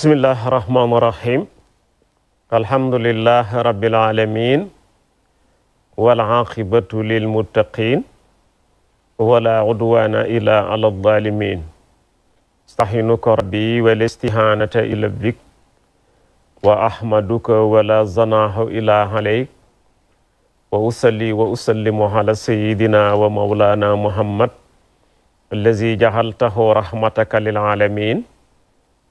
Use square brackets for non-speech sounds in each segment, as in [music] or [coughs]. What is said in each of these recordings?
bismillah rahmaan rahim alhamdulillah rabbil alamin wal aqibatu lil muttaqin wala udwana illa ala zalimin astahinuka rabbi wal istihanata ila bik wa ahmaduka wala zanahu ila alayk wa usalli wa usallimu ala sayidina wa maulana muhammad allazi jahaltahu rahmataka lil alamin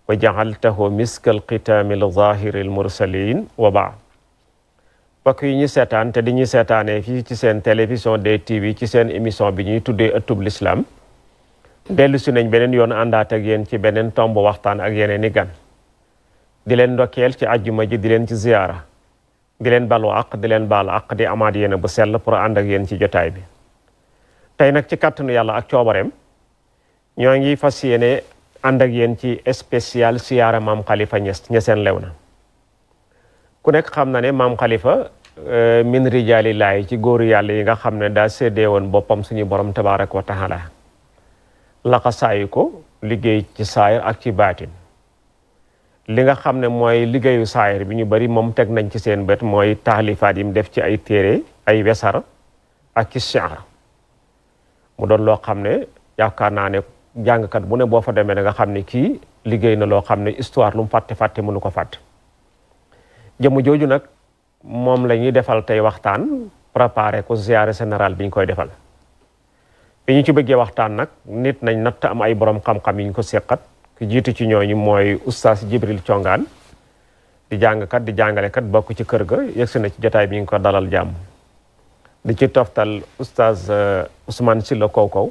wa jaxaltahu miska alxitaami alzahiri almursalin wa ba mbokk yi ñu seetaan te di ñu seetaanee fii ci seen télévision DTV ci seen émission bi ñuy tuddee ëttub lislaam dellu si nañ beneen yoon àndaat ak yéen ci beneen tomb waxtaan ak yeneen i gan di leen ndokkeel ci ajjuma ji di leen ci ziyaara di leen balu àq di leen baalu àq di amaat yéen bu sell pour ànd ak yéen ci jotaay bi tey nag ci kàttanu yàlla ak coobareem ñoo ngi fas yéene ànd ak yéen ci spécial siyaara maam Khalifa Niass Niassène Léona ku nekk xam na ne maam Khalifa euh, min rijaali laay ci góoru yàlla yi nga xam ne daa séddee woon boppam suñu borom tabaaraka wa taala laxasaayu ko liggéey ci saayir ak ci baatin li nga xam ne mooy liggéeyu saayir bi ñu bari moom teg nañ ci seen bët mooy taalifaat yi mu def ci ay téere ay wesar ak ci siyaara mu doon loo xam ne yaakaar naa ne jàngkat bu ne boo fa demee da nga xam ne kii liggéey na loo xam ne histoire lu mu fàtte fàtte mënu ko fàtt jëmm jooju nag moom la ñuy defal tey waxtaan préparé ko ziaré général bi ñu koy defal bi ñu ci bëggee waxtaan nag nit nañ natt am ay borom xam-xam yi ñu ko seqat ki jiitu ci ñooñu mooy oustaz Jibril Congaan di jàngkat di jàngalekat bokk ci kër ga yegsi na ci jotaay bi ñu ko dalal jàmm di ci toftal oustaz eh, Ousmane kow Kowkow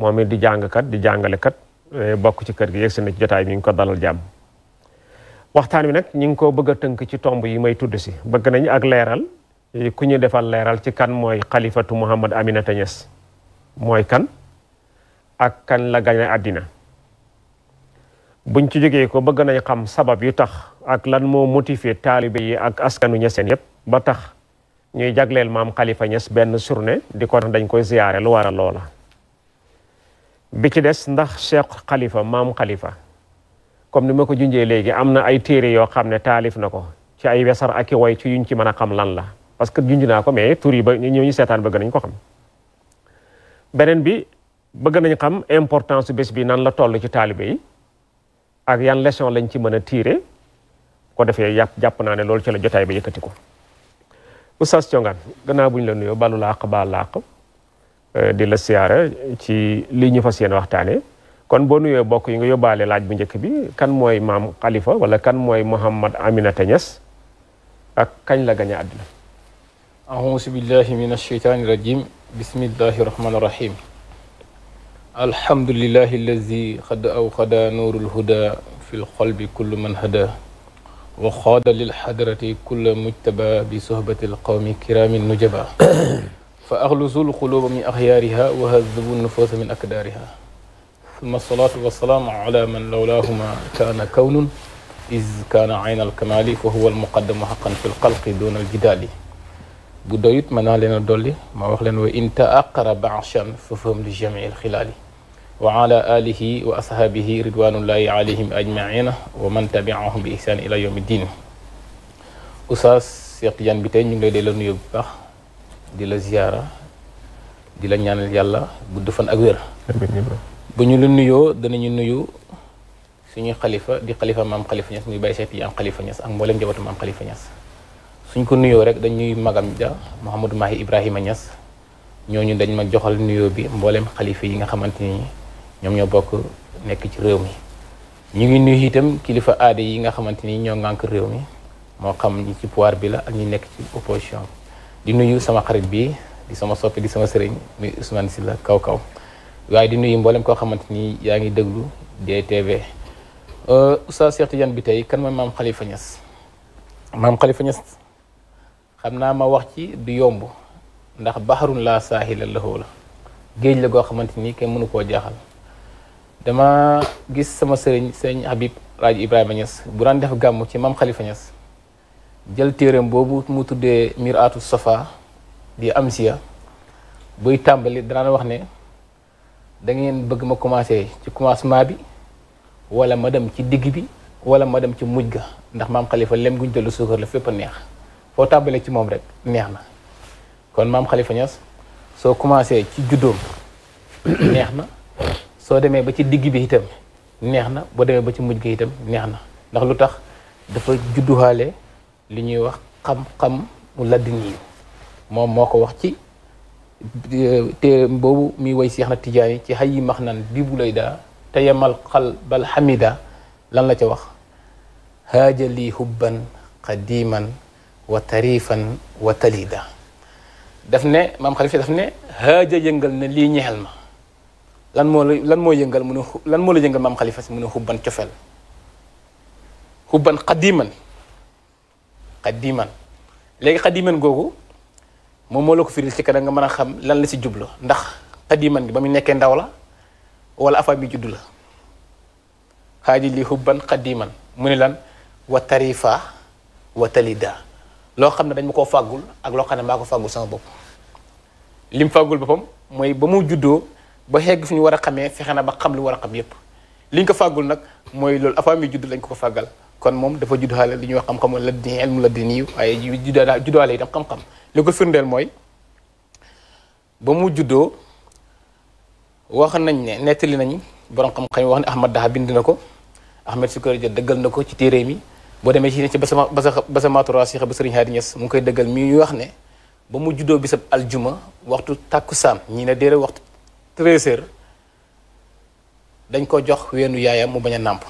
moom it di jàngkat di jàngalekat eh, bokk ci kër gi yegsi na ci jotaay mi ñu ngi ko dalal jàmm waxtaan wi nag ñu ngi ko bëgg a tënk ci tomb yi may tudd si bëgg nañu ak leeral eh, ku ñu defal leeral ci kan mooy xalifatu Mouhamad Aminata Niass mooy kan ak kan la gañe àddina buñ ci jógee ko bëgg nañ xam sabab yu tax ak lan moo motivé taalibe yi ak askanu ñeseen yépp ba tax ñuy jagleel maam xalifa ñes benn surne di ko dañ koy ziyaare lu waral loola bi ci des ndax Cheikh kalifa maam kalifa comme ni ma ko junjee léegi am na ay téere yoo xam ne taalif na ko ci ay wesar ak i woy ci yuñ ci mën a xam lan la parce que junj naa ko mais tur yi ba ñëw ñu seetaan bëgg nañ ko xam bi bëgg nañ xam importance bés bi nan la toll ci taalibe yi ak yan leçon lañ ci mën a tiire ko defee yàpp jàpp naa ne loolu ci la jotaay ba yëkkati ko Oustaz Thiongan gannaaw bu la nuyoo balu la àq baal Euh, di la siyaara ci lii ñu fas waxtaane kon boo bokk yi nga yóbbaale laaj bu njëkk bi kan mooy maam Khalifa wala kan mooy Mouhamad Aminata Niass ak kañ la gañ a àdduna billahi min alsheytaani irajim bismillahi irrahmani irrahim alhamdulilahi allazi xad awqada nuurul huda fi bi sohbati alqawmi kiraamin nujaba fa axlusul xuluba min axyaariha wa hazibu nufuusa min akdaariha summa salaatu wa salaamu ala man lawlaahuma kaana kawnun iz kaana ayna alkamaali fa huwa almuqaddamu xaqan fi lxalqi duna aljidaali bu doyut mën naa leen a dolli ma wax leen wa in taaqara baachan fa faham li jamii alxilaali wa ala alihi wa ashaabihi ridwanullahi alayhim ajmaina wa man tabiahum bi ihsaan ila yawmi ddin Oustaz Cheikh Tidiane bi tey ñu ngi lay delloo nuyoo bu baax di la ziyaara di la ñaanal yàlla bu defan ak wér bu ñu lu nuyoo danañu nuyu suñu xalifa di xalifa maam xalifa ñas muy bàyyi seet yi am xalifa ñas ak mboolem njabootu maam xalifa ñas suñ ko nuyoo rek dañuy magam ja Mouhamadou Mahi Ibrahima ñas ñooñu dañ ma joxal nuyoo bi mbooleem xalifa yi nga xamante ni ñoom ñoo bokk nekk ci réew mi ñu ngi nuyu itam kilifa aada yi nga xamante ni ñoo ngànk réew mi moo xam ñi ci pouvoir bi la ak ñu nekk ci opposition di nuyu sama xarit bi di sama soppi di sama sëriñ muy Ousmane Sylla kaw kaw waaye di nuyu mboolem koo xamante ni yaa ngi déglu DTV. Euh, Oustaz Cheikh Tidiane bi tey kan ma maam Khalifa Niass maam Khalifa Niass xam naa ma wax ci du yomb ndax baxarun laa saahila lahu la géej la goo xamante ni kenn mënu koo jaaxal dama gis sama sëriñ sëriñ Habib Rajo Ibrahima Niass bu daan def gàmm ci maam Khalifa Niass. jël téeram boobu mu tuddee miir miraatu bi am amsiya buy tàmbali dana wax ne da ngeen bëgg ma commencé ci commencement bi wala ma dem ci digg bi wala ma dem ci mujj ga ndax maam xalifa lem guñ jëlu suukar la fépp a neex foo tàmbalee ci moom rek neex na kon maam soo commencé ci juddoom [coughs] neex na soo demee ba ci digg bi itam neex na boo demee ba ci mujj ga itam neex na ndax lu tax dafa judduhaale li ñuy wax xam-xam mu laddin yi moom moo ko wax ci euh, téeram boobu muy way Seex na Tijaani ci xay yi max nan di bu lay daa te yamal xal bal xamida lan la ca wax haaja lii hubban qadiman wa tarifan wa talida daf ne maam xalifa daf ne haaja yëngal ne lii ñexel ma lan moo la lan moo yëngal mu ne lan moo la si mu ne hubban cofel hubban qadiman xadiman léegi xadiman googu moom moo la ko firil ci kanam nga mën a xam lan la si jublu ndax xadiman gi ba mu nekkee ndaw la wala afa bi juddu la xaaji li hubban xadiman mu ne lan wa tarifa wa talida loo xam ne dañ ma koo fàggul ak loo xam ne maa ko fàggul sama bopp lim fàggul boppam mooy ba mu juddoo ba xegg fi ñu war a xamee fexe na ba xam lu war a xam yépp li ñu ko fàggul nag mooy loolu afa mi judd lañ ko ko fàggal kon moom dafa juddaale li ñuy wax xam-xam la di ilmu la di nii waaye juddaale juddaale itam xam-xam li ko firndeel mooy ba mu juddoo wax nañ ne nettali nañ borom xam-xam wax ne Ahmad Daha bind na ko Ahmed Sukari dëggal na ko ci téere mi boo demee ci ne ci basama basamaatu raasixa ba Sëriñ Haadi Ñas mu ngi koy dëggal mi ñuy wax ne ba mu juddoo bisab aljuma waxtu tàkku tàkkusaan ñi ne déere waxtu treize dañ ko jox weenu yaayam mu bañ a nàmp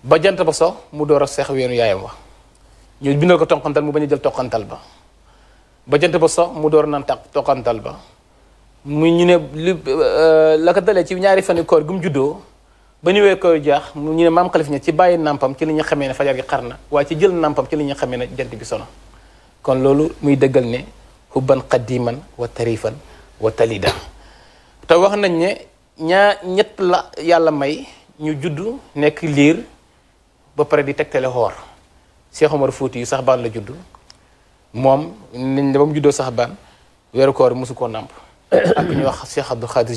ba jant ba so mu door a seex weenu yaayam wa ñoo bindal ko toqantal mu bañ a jël toqantal ba ba jant ba so mu door naan taq toqantal ba mu ñu ne li euh, la ko dalee ci ñaari fani koor gu mu juddoo ba ñëwee koor jaax mu ñu ne maam xalif ci bàyyi nàmpam ci li ñu xamee ne fajar gi xar na waaye ci jël nàmpam ci li xamee ne jant bi sono kon loolu muy dëggal ne hubban qadiman wa tarifan wa talida te wax nañ ne ñaa ñett la yàlla may ñu juddu nekk liir ba pare di tegtale xoor Cheikh Omar Fouti yu sax baan la judd moom ni ba mu juddoo sax baan weeru koor mosu koo nàmp [coughs] ak ñu wax Cheikh Abdou Khadir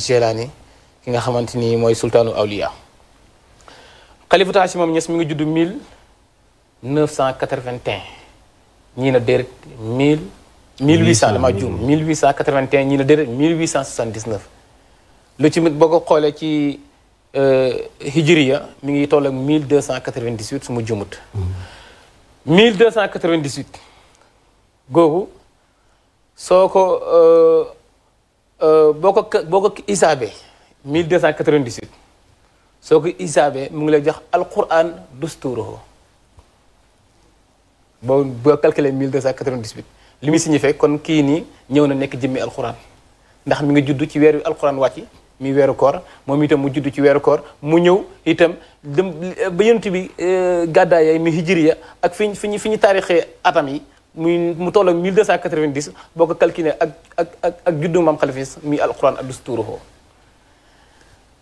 ki nga xamante nii mooy sultaanu awliya xalifatu Hachim moom ñes mu ngi juddu judd 1981 ñii na déret 1000 1800 dama juum 1881 ñii na déret 1879 lu ci mit boo ko xoolee ci Euh, hijriya mu ngi toll ak 1298 su ma jumut 1298 googu soo ko euh, euh, boo ko boo ko isaabee 1298 soo ko isaabee mu ngi lay jox alquran dusturuhu boo boo calculé 1298 li muy signifie kon kii nii ñëw na nekk jëmmi alquran ndax mu ngi judd ci weer wi alquran wàcc mi weeru koor moom itam mu judd ci weeru koor mu ñëw itam dem ba yonent bi euh, gàddaay mi hijriya ak fi ñu fi ñu fi ñu taarixee atam yi muy mu toll ak 1290 boo ko calculer ak ak ak ak juddu maam xalifis mi alquran addus tuuruhoo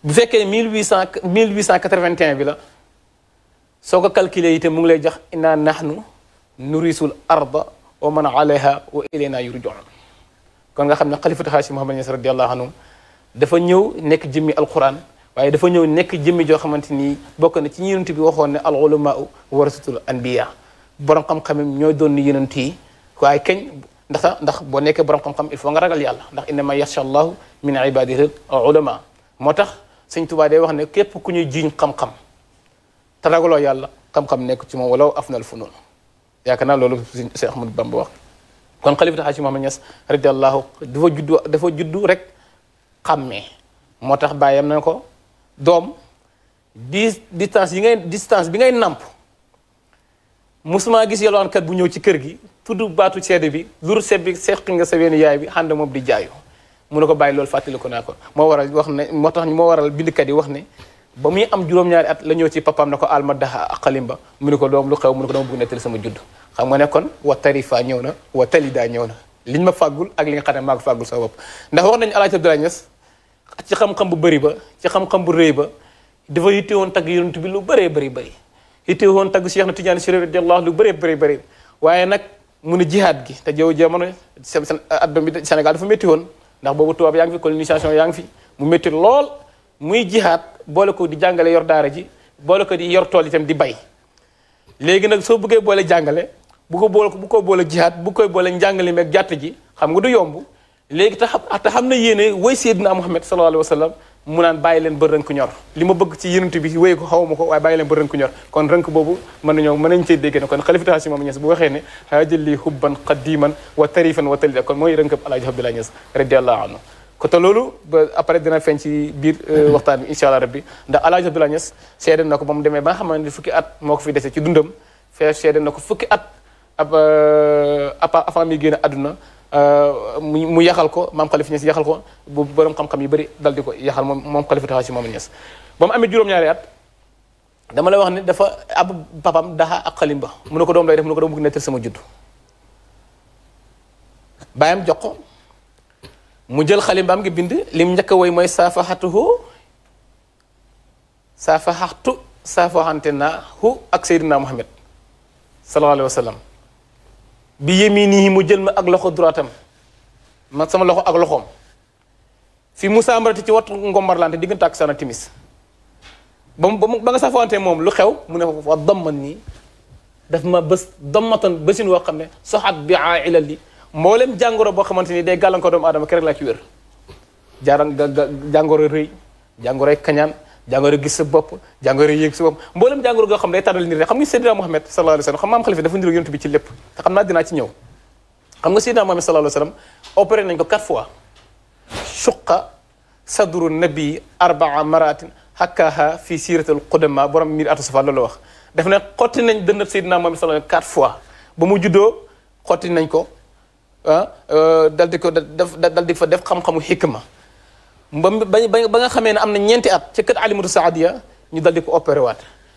bu fekkee 1800 bi la soo ko calculé itam mu ngi lay jax inna nahnu nurisul arda wa man alayha wa ilayna yurjoon kon nga xam ne xalifatu Haashim Muhammad Ñas radiyallahu anhu dafa ñëw nekk jëmmi alquran waaye dafa ñëw nekk jëmmi joo xamante ni bokk na ci yonent bi waxoon ne al ulama warasatul anbiya borom xam-xam ñooy doon ni yonent waaye kañ ndax ndax boo nekkee borom xam-xam il faut nga ragal yàlla ndax innama yaxsha llahu min ibadihi al ulama moo tax sëñ Tuubaa day wax ne képp ku ñuy jiiñ xam-xam te yàlla xam-xam nekk ci moom walaw afnal funun yaakaar naa loolu Cheikh Ahmadou Bamba wax kon xalifa Haaji Mahamad Ñas radiyallahu dafa dafa juddu rek xam xàmmee moo tax bàyyam na ko doom di distance yi ngay distance bi ngay nàmp musuma gis yalwaankat bu ñëw ci kër gi tudd baatu seede bi lur set bi seq nga sa weenu yaay bi xànd moom di jaayu mu ne ko bàyyi loolu fàttaliku naa ko moo waral wax ne moo tax moo waral bindkat yi wax ne ba muy am juróom-ñaari at la ñëw ci papaam na ko alma daxa aqalimba mu ne ko doom lu xew mu ne ko dama bëgg nettali sama judd xam nga ne kon wa tarifa ñëw na wa talida ñëw na liñ ma fàggul ak li nga xam ne maa ko fàggul sa bopp ndax wax nañu Alaaji Abdoulaye Niass ci xam-xam bu bëri ba ci xam-xam bu rëy ba dafa yitte woon tag yonent bi lu bëree bëri bëri yitte woon si Cheikh na Tidiane Chérif radiyallahu lu bëree bëri bëri waaye nag mu ne jihaad gi te jaww jamono seen adduna bi Sénégal dafa métti woon ndax boobu tubaab yaa ngi fi colonisation yaa ngi fi mu métti lool muy jihaad boole ko di jàngale yor daara ji boole ko di yor tool yi tam di bay léegi nag soo bëggee boole jàngale bu ko boole bu ko boole jihaad bu koy boole njàngale meeg jàtt ji xam nga du yomb léegi te xam te xam na yéene way Seydina Muhammad sallallahu alayhi wa sallam mu naan bàyyi leen ba rënk ñor li ma bëgg ci yénant bi wéy ko xaw ma ko waaye bàyyi leen ba rënk ñor kon rënk boobu mën nañoo mën nañ cee dégg ne kon xalifatu Haasi Maam Ñas bu waxee ne haajali hubban qadiman wa tarifan wa talida kon mooy rënkab Alaaji Abdoulaye Ñas radiallahu anhu ko te loolu ba après dina feeñ ci biir euh, mm-hmm. waxtaan bi incha allah rabbi ndax Alaaji Abdoulaye Ñas seede na ko ba mu demee ba nga xamante ne fukki at moo ko fi ci dundam fee na ko fukki at ab euh, avant mi génn àdduna Euh, mu yaxal ko maam Khalifa Niass yaxal ko bu yu bëri dal di ko yaxal moom moom Khalifa moom Niass ba mu amee juróom-ñaari at dama lay wax ni dafa ab papam daxa ak xalim mun mu ko doom lay def mu ne ko doom bëgg nettal sama judd bàyyam jox ko mu jël xalimbaam ngi bind lim njëkk woy mooy saafaxatuhu saafaxatu saafaxante naa hu ak Seydina Muhammad sallallahu alayhi wa bi nii mu jël ma ak loxo droitam ma sama loxo ak loxoom fi mu Mbarati ci wattu ngombarlante diggante ak sana timis ba mu ba nga safante moom lu xew mu ne fa damman nii daf ma bés dammatan bésin woo xam ne soxat bi ilal li mboolem jàngoro boo xamante ni day gàllankoor adama aadama kerek laa ci wér jaaran jàngoro rëy jàngoroy kañaan jàngoro gis sa bopp jàngoro yéeg sa bopp mboolem jàngoro goo xam ne day tànnal nit xam nga Seydina Mohamed sallallahu alayhi wa sallam xam maam Khalifa dafa niroo yonent bi ci lépp te xam naa dinaa ci ñëw xam nga Seydina Mohamed sallallahu alayhi wa sallam opéré nañ ko quatre fois suqa sadru nabi arbaa maratin hakkaha fi siratul qudama borom miir atu safa loolu wax def ne xotti nañ dënnat Seydina Mohamed sallallahu fois ba mu juddoo xotti nañ ko ah euh, dal di ko di fa def xam-xamu xikma ba ba nga xamee ne am na ñeenti at ca kër alimatu saadiya ñu dal di ko opéré waat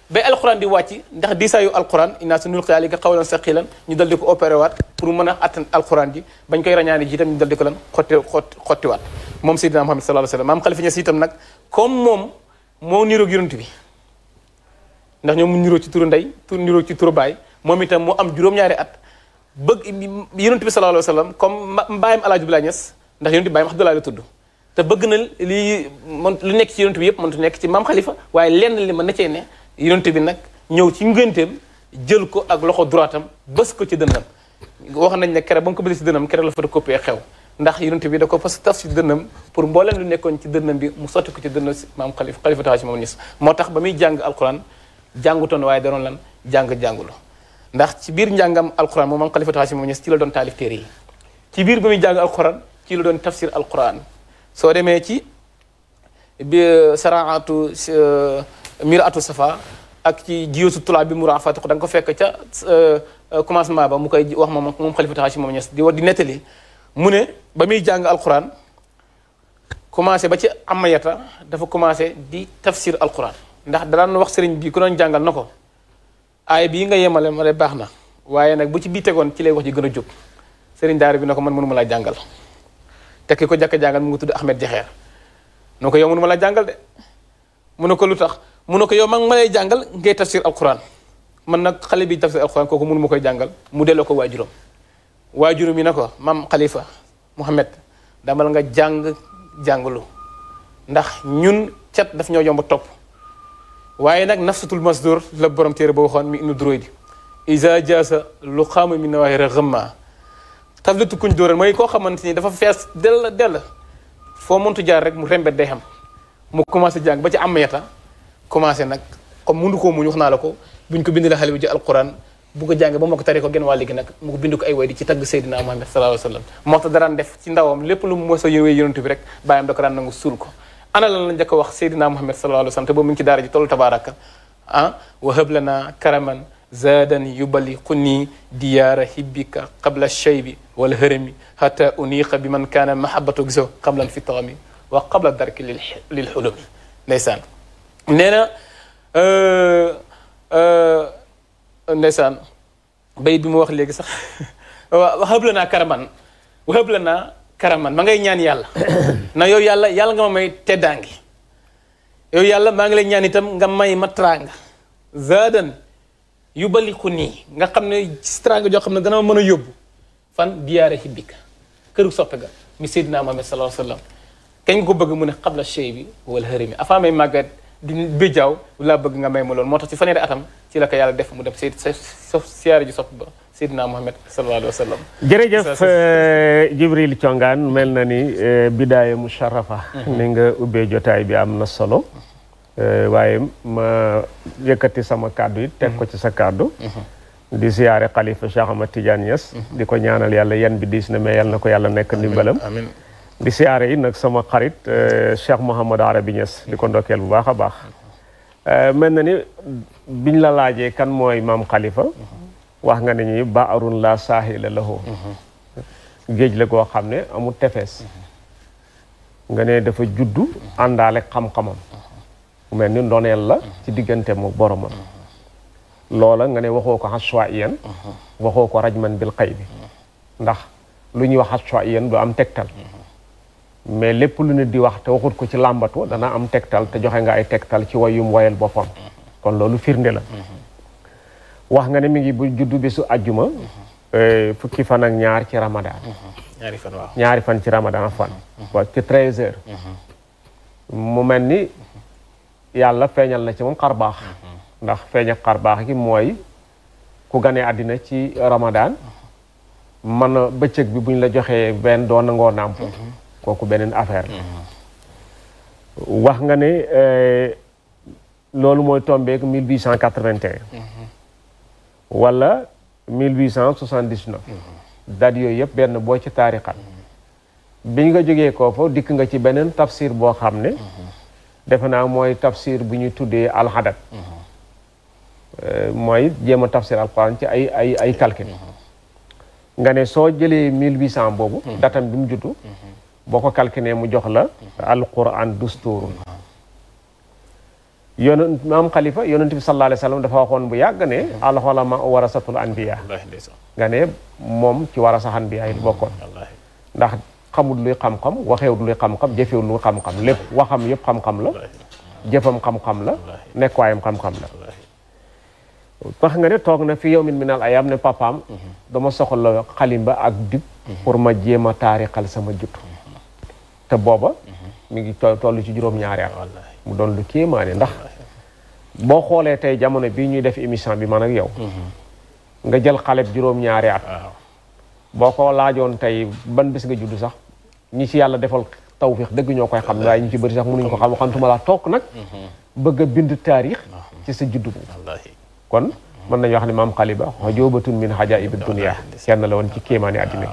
bay alquran di wàcc ndax diisaayu alquran innaa sanulqi alayka qawlan saqilan ñu dal di ko opéré waat pour mën a attan alquran ji bañ koy rañaane ji itam ñu ko lan xotti xotti xottiwaat moom sayyidina Muhammad sallallahu alayhi wa sallam maam Khalifa Niass itam nag comme moom moo niroog yonent bi ndax ñoom mu niroog ci turu ndey tur niroog ci turu baay moom itam mu am juróom-ñaari at bëgg yonent bi sallallahu alayhi wa sallam comme mbaayam alaajubila Niass ndax yonent bi baayam Abdoulaye la tudd te bëgg na lii man lu nekk ci yonent bi yëpp mënut nekk ci maam Khalifa waaye lenn li ma na cee ne yonent bi nag ñëw ci ngénteem jël ko ak loxo droitam bës ko ci dënnam wax nañ ne kere ba ko bësee ci dënnam kere la photocopie xew ndax yonent bi da ko fas taf ci dënnam pour mbooleem lu nekkoon ci dënnam bi mu sotti ko ci dënnam si maam Khalifa Khalifa taxaw si ba muy jàng alquran jàngutoon waaye da doon lan jàng-jàngulu ndax ci biir njàngam alquran moom maam Khalifa taxaw moom ñis ci la doon taalif téere yi ci biir ba muy jàng alquran ci la doon tafsir alquran soo demee ci bi euh, saraatu euh, miratu safa ak ci jiyoosu tulaab bi mu raafat ko da nga ko fekk ca euh, commencement ba mu koy wax moom moom xalifatu Haashim moom ñes di war di nettali mu ne ba muy jàng alquran commencé ba ci amayata dafa commencé di tafsir alquran ndax daan wax sëriñ bi ku doon jàngal na ko aay bii nga yemale ma de baax na waaye nag bu ci bii tegoon ci lay wax ji gën a jóg sëriñ daara bi na ko man mënuma laa jàngal te ko jàkka jàngal mu ngi tudd Ahmed Jaxeer mu ko yow mënu ma la jàngal de mu ne ko lu tax mun ne ko yow mag ma lay jàngal ngay tafsir alquran man nag xale bi tafsir alquran kooku mënu ma koy jàngal mu dele ko waajuram waajuram mi na ko maam Khalifa Mouhamed damal nga jàng jàngalu ndax ñun cet daf ñoo yomb topp waaye nag nafsatul masdur la borom téere ba waxoon mi inu droidi isa jaasa lu xaamu mi nawaahira xëmma tafletu kuñ dóoral koo xamante ni dafa fees dell dell foo mëntu jaar rek mu rembet day xam mu commencé jàng ba am yata commencé nag comme mënu koo muñ wax ko ko bind la xale bi ci alquran bu ko jàngee ba ma ko tari waa léegi nag mu ko bind ko ay way di ci tagg Seydina Muhammad sallallahu alayhi wa sallam moo tax daraan def lépp lu mu mos a yowee yonent rek bàyyam da ko daan nangu suul ko ana la njëkk a wax Seydina Muhammad sallallahu alayhi wa sallam te boobu mu ngi ci daara ji tollu tabaaraka ah, lana karaman zaadan yuballiquni diyaara hibbika qabla shaybi wal hërami hatta uniiqa bi man kaana mahabbatu zo qabla alfitaami wa qabla darki lil lil xulumi ndeysaan nee na euh, euh, ndeysaan bay bi mu wax léegi sax [laughs] wa xëb la naa karaman wa xëb la naa karaman ma ngay ñaan yàlla [coughs] na yow yàlla yàlla nga ma may teddaangi yow yàlla maa ngi lay ñaan itam nga may ma teraanga zaadan yu baliku nii nga xam ne stranga joo xam ne dana mën a yóbbu fan diyaare hibbika këru soppe ga mi Seydina Muhammad sallallahu alayhi wa sallam kañ ko bëgg mu ne xabla chey bi wala xëri may màggat di bi jaaw laa bëgg nga may ma loolu moo tax ci fanweeri atam ci la yàlla def mu dem Seyd sa siyaare ji sopp ba Seydina Muhammad sallallahu alayhi wa sallam jërëjëf euh, Jibril Thiongaan mel na ni euh, bidaaya musharrafa mm-hmm. ni nga ubbee jotaay bi am na solo Euh, waaye ma yëkkati sama kàddu yi teg ko ci sa kàddu mhm. di siyaare xalifa Cheikh Ahmad Tidiane Niass mhm. di ko ñaanal yàlla yan bi diis na mais yal na ko yàlla nekk ndimbalam amiin di siyaare yi nag sama xarit euh, Cheikh Mouhamad Arabi Niass di ko ndokkeel bu baax a baax euh, mel na ni biñ la laajee kan mooy maam xalifa mhm. wax nga ne ñi baarun la saahila lahu géej la koo xam ne amul tefees nga ne dafa juddu àndaale xam-xamam mu mel ni ndoneel la ci diggante mu boromam loola nga ne waxoo ko haswaiyan waxoo ko rajman bil xay bi ndax lu ñuy wax haswaiyan du am tegtal mais lépp lu nit di wax te waxut ko ci làmbatu dana am tegtal te joxe nga ay tegtal ci wayum wayal boppam kon loolu firnde la wax nga ne mi ngi bu juddu bisu ajjuma eh, fukki fan ak ñaar ci ramadaan ñaari fan ñaari fan ci ramadaan fan mm-hmm. waaw ci treize mm-hmm. mu mel ni yàlla feeñal na ci moom xar baax ndax feeñ ak xar baax gi mooy ku ganee àddina ci ramadaan mën a bëccëg bi buñ la joxee benn doo nangoo nàmp kooku beneen affaire la wax nga ne eh, loolu mooy tombeek mille cent 1881 wala 1879 date yooyu yëpp benn boo ci taarixat biñ nga jógee ko fa dikk nga ci beneen tafsir boo xam ne defe naa mooy tafsir bu ñu tuddee alxadat mooy jéem a tafsir alquran ci ay ay ay nga ne soo jëlee mille huit cent boobu datam bi mu juddu boo ko calculé mu jox la alquran dusturun yonent maam xalifa yonent bi sallallahu alayhi dafa waxoon bu yàgg ne alxolama warasatul anbiya nga ne moom ci warasa anbiya yi bokkoon ndax xamul luy xam-xam waxeewut luy xam-xam jëfewut luy xam-xam lépp waxam yëpp xam-xam la jëfam xam-xam la nekkuwaayam xam-xam la tax nga ne toog na fi yow min minal ayam ne papaam mhm. dama soxla xalimba ak dib mhm. ma jéem a taarixal sama jut mhm. te booba mi toll ci juróom at mu doon lu kéemaane ndax boo xoolee tey jamono bi ñuy def émission bi man ak yow nga jël xale bi juróom-ñaari boo ko laajoon tey ban bés nga judd sax ñi ci yàlla defal tawféex dëgg ñoo koy xam waaye ñu ci bëri sax mënuñ ko xam xamtuma laa toog nag bëgg a bind taarix ci sa juddu kon mën nañu wax ne maam xaliba xajoobatun min xajaa'ibi dunya kenn la woon ci kéemaani àddina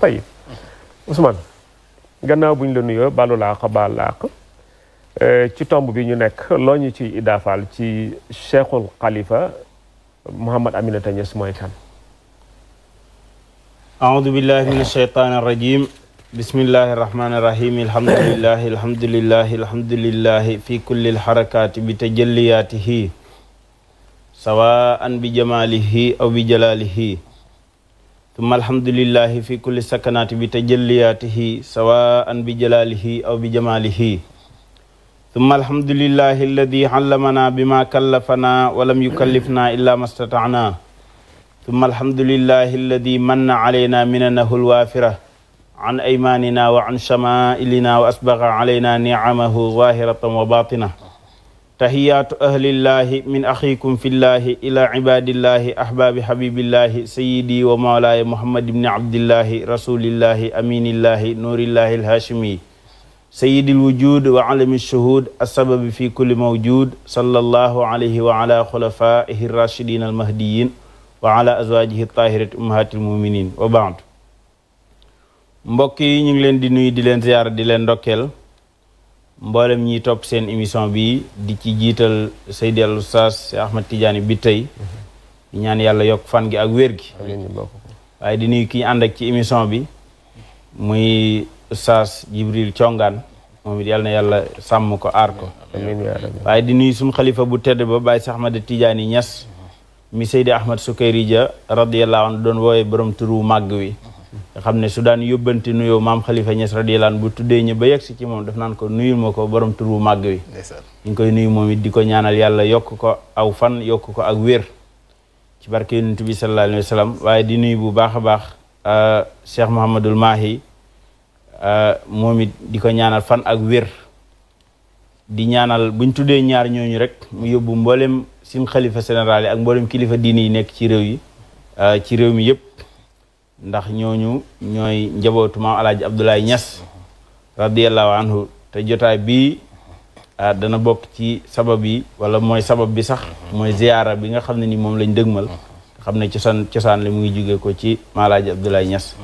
tayib Ousmane gannaaw buñ la nuyoo balu laaq baal laaq euh, ci tomb bi ñu nekk loo ñu ci idaafaal ci cheikhul xalifa Mouhamad Aminata Niass mooy kan aoudu billahi min alcheytan arrajim bismillahi irrahmani irrahim alhamdulilahi alhamdulilahi alhamdulilahi fi kulli lxarakati bi tajalliyaatihi sawaan bi jamaalihi aw bi jalaalihi tumma alhamdulilahi fi kulli sakanaati bi tajalliyaatihi sawaan bi jalaalihi aw bi jamaalihi tumma alhamdulilahi alladi allamana bima kallafana walam yukallifna illa mastatana tumma alhamdulilahi alladi manna alayna minanahu lwaafira an aymaanina wa an shamaailina wa asbaga alayna niamahu zahiratan wa batina tahiyaatu ahlillahi min axikum fillahi ila ibadillahi ahbaabi habibillahi sayidi wa mawlaaya muhammad ibni abdillahi rasulillahi aminillahi nuurillahi alhaashimi sayidi alwujud wa alami shuhud assababi fi kulli mawjud sallallahu alayhi wa ala xulafaihi rachidin almahdiyin wa ala azwajihi tahirati ummahati almuminin wa baad mbokk yi ñu ngi leen di nuyu di leen ziyaar di leen ndokkeel mboolem ñii topp seen émission bi di ci jiital Seydi al Oustaz Ahmad Tidiane bi tey ñaan yàlla yokk fan gi ak wér gi waaye di nuy ki ànd ci émission bi muy Oustaz Jibril congaan moom it yàlla na yàlla sàmm ko aar ko waaye di nuyu suñu xalifa bu tedd ba Baye Cheikh Ahmad Tidiane ñas mi Seydi Ahmad Sukayri Ja radiyallahu anhu doon woowe borom turu màgg wi nga xam ne su daan yóbbante nuyoo maam xalifa ñes radiyallahu bu tuddee ñi ba yegsi ci moom daf naan ko nuyul ko borom tur bu màgg wi ñu koy nuyu moom it di ko ñaanal yàlla yokk ko aw fan yokk ko ak wér ci barke yonent bi sallallahu waaye di nuyu bu baax a baax euh, cheikh mohamadul maahi euh, moom it di ko ñaanal fan ak wér di ñaanal buñ tuddee ñaar ñooñu rek mu yóbbu mboolem sin xalifa général yi ak mboolem kilifa diin yi nekk ci réew yi euh, ci réew mi yëpp ndax ñooñu ñooy njabootu maam alaaji Abdoulaye ñas radiallahu anhu te jotaay bii ah, dana bokk ci sabab bi wala mooy sabab bi sax mooy ziyaara bi nga xam ne ni moom lañ dëgmal xam ne cosaan cosaan li mu ngi jóge ko ci maam alaaji Abdoulaye Niass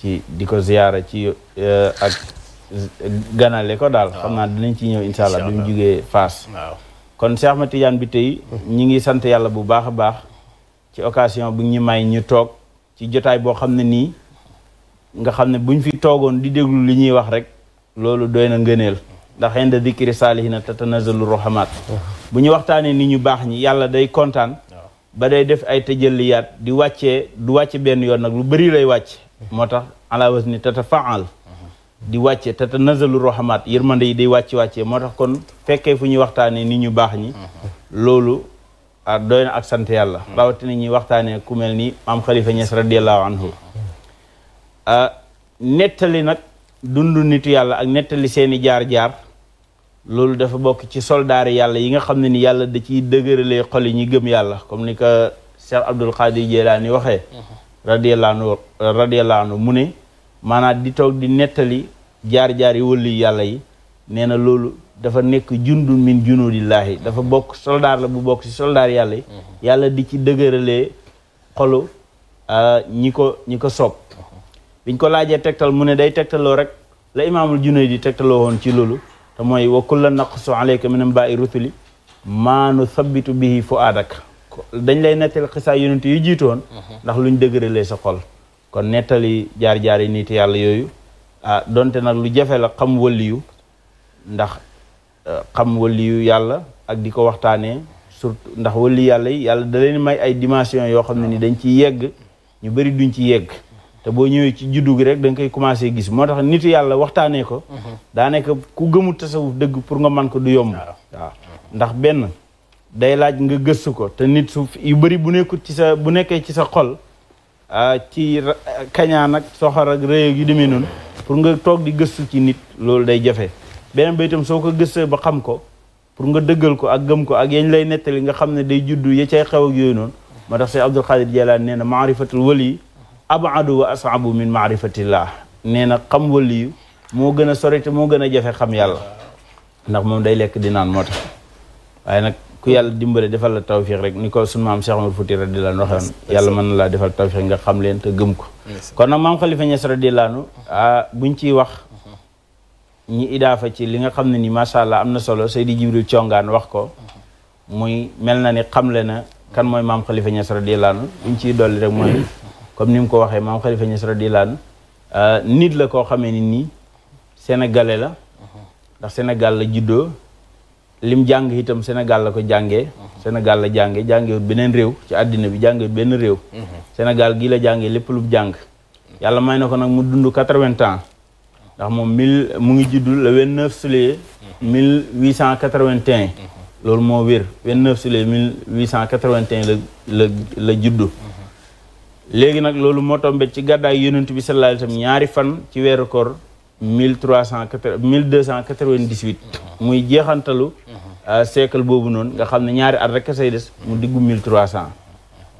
ci di ko ziyaara ci eh, ak ganale daal xam naa dinañ ci ñëw insha allah bi mu jógee Faas kon Cheikh Ahmed Tidiane bi tey ñi ngi sant yàlla bu baax a baax ci occasion bu ñu ñu toog ci jotaay boo xam ne nii nga xam ne bu ñu fi toogoon di déglu li ñuy wax rek loolu doy na ngëneel ndax inda dikri saalihina tatanazalu rahmat bu ñu waxtaanee ni ñu baax ñi yàlla day kontaan ba day def ay tëjëliyaat di wàccee du wàcce benn yoon nag lu bëri lay wàcc moo tax ala was ni tata faal di wàcce tata nazalu rahmat yi day wàcce wàccee moo tax kon fekkee fu ñuy waxtaanee ni ñu baax ñi mm-hmm. loolu ah doy na ak sant yàlla hmm. rawatina ñuy waxtaanee ku mel ni maam Khalifa Niass radiallahu anhu hmm. ah, nettali nag dundu nitu yàlla ak nettali seeni jaar-jaar loolu dafa bokk ci soldaari yàlla yi nga xam ne ni yàlla da ciy dëgëralee xol yi ñi gëm yàlla comme ni ko Cheikh Abdul Qadir Jeylaani waxee hmm. radiallahu anhu radiallahu anhu mu ne maanaam di toog di nettali jaar-jaar yi wëllu yàlla yi nee loolu dafa nekk jundun min junudillaahi dafa bokk soldaar la bu bokk ci soldaar yàlla mhm. yàlla di ci dëgëralee xolu ah, ñi ko ñi ko soob biñ ko laajee tegtal mu ne day tegtaloo rek la imaamul junay di tegtaloo woon ci loolu te mooy wa kulla naqsu alayka min ambaa'i rusuli maa nu thabitu bihi fuaadaka dañ lay nettali xisaa yonent yu jiitu mhm. ndax luñ dëgëralee sa xol kon nettali jaar-jaar yi nit yàlla yooyu ah donte nag lu jafe la xam waliyu ndax xam waliyu yàlla ak di ko waxtaanee surtout ndax waliyu yàlla yi yàlla da leen may ay dimension yoo xam ne ni dañ ci yegg ñu bëri duñ ci yegg te boo ñëwee ci juddu gi rek da koy commencé gis moo tax nitu yàlla waxtaanee ko daanaka ku gëmul tasawuf dëgg pour nga man ko du yomb waaw ndax benn day laaj nga gëstu ko te nit su yu bëri bu nekkul ci sa bu nekkee ci sa xol ah, ci kañaan ak soxor ak rëy yu demee noonu pour nga toog di gëstu ci nit loolu day jafe beneen ba itam soo ko gëstee ba xam ko pour nga dëggal ko ak gëm ko ak yañ lay nettali nga xam ne day juddu ya cay xew ak yooyu noonu moo tax Seex Abdul Xaadir Jilaani nee na maarifatul wali abadu wa asabu min maarifatillah nee na xam waliyu moo gën a sori moo gën a jafe xam yàlla ndax moom day lekk di naan moo tax waaye nag ku yàlla dimbale defal la tawfiq rek ni ko sunu maam Cheikh Omar Fouti radiyallahu anhu waxoon yàlla mën na laa defal tawfiq nga xam leen gëm ko ñi fa ci li nga xam ne ni macha allah am na solo di Jibril Congaan wax ko muy mel na ni xamle na kan mooy maam Khalifa Niass radiyallahu anhu li ciy dolli rek mooy comme ni mu ko waxee maam Khalifa Niass radiyallahu anhu euh, nit la koo xamee ni nii sénégalais la ndax Sénégal la juddoo lim jàng itam Sénégal la ko jàngee Sénégal la jàngee jàngewut beneen réew ci àddina bi jàngewut benn réew mhm. Sénégal gii la jàngee lépp lu jàng yàlla may na ko nag mu dund quatre-vingts ans ndax moom mille mu ngi juddu la vingt neuf juillet mille huit cent quatre vingt un loolu moo wér vingt neuf mille huit cent la la la juddu mm-hmm. léegi nag loolu moo tombe ci gàddaay yonent bi sallallahu alayhi wa ñaari fan ci weeru koor mille trois cent quatre mille deux cent quatre vingt dix huit mm-hmm. muy jeexantalu mm-hmm. euh, siècle boobu noonu nga xam ne ñaari at rek say des mu diggu mille trois cent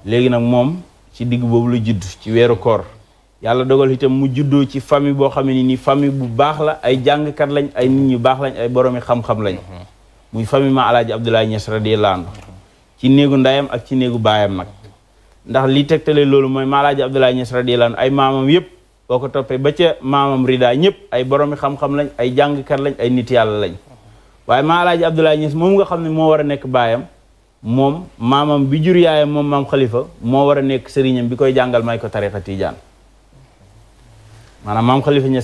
léegi nag moom ci diggu boobu la judd ci weeru koor yàlla dogal itam mu juddoo ci famille boo xam ne ni famille bu baax la ay jàngkat lañ ay nit ñu baax lañ ay boromi xam-xam lañ muy famille ma alaaji Abdoulaye Niass radiyallahu ci néegu ndayam ak ci néegu baayam nag ndax li tegtale loolu mooy ma alaaji Abdoulaye Niass radiyallahu anhu ay maamam yëpp boo ko toppee ba ca maamam rida ñëpp ay boromi xam-xam lañ ay jàngkat lañ ay nit yàlla lañ waaye ma alaaji Abdoulaye Niass moom nga xam ne moo war a nekk baayam moom maamam bi jur yaayam moom maam xalifa moo war a nekk sëriñam bi koy jàngal may ko tariqa tijaan maanaam maam Khalifa mhm.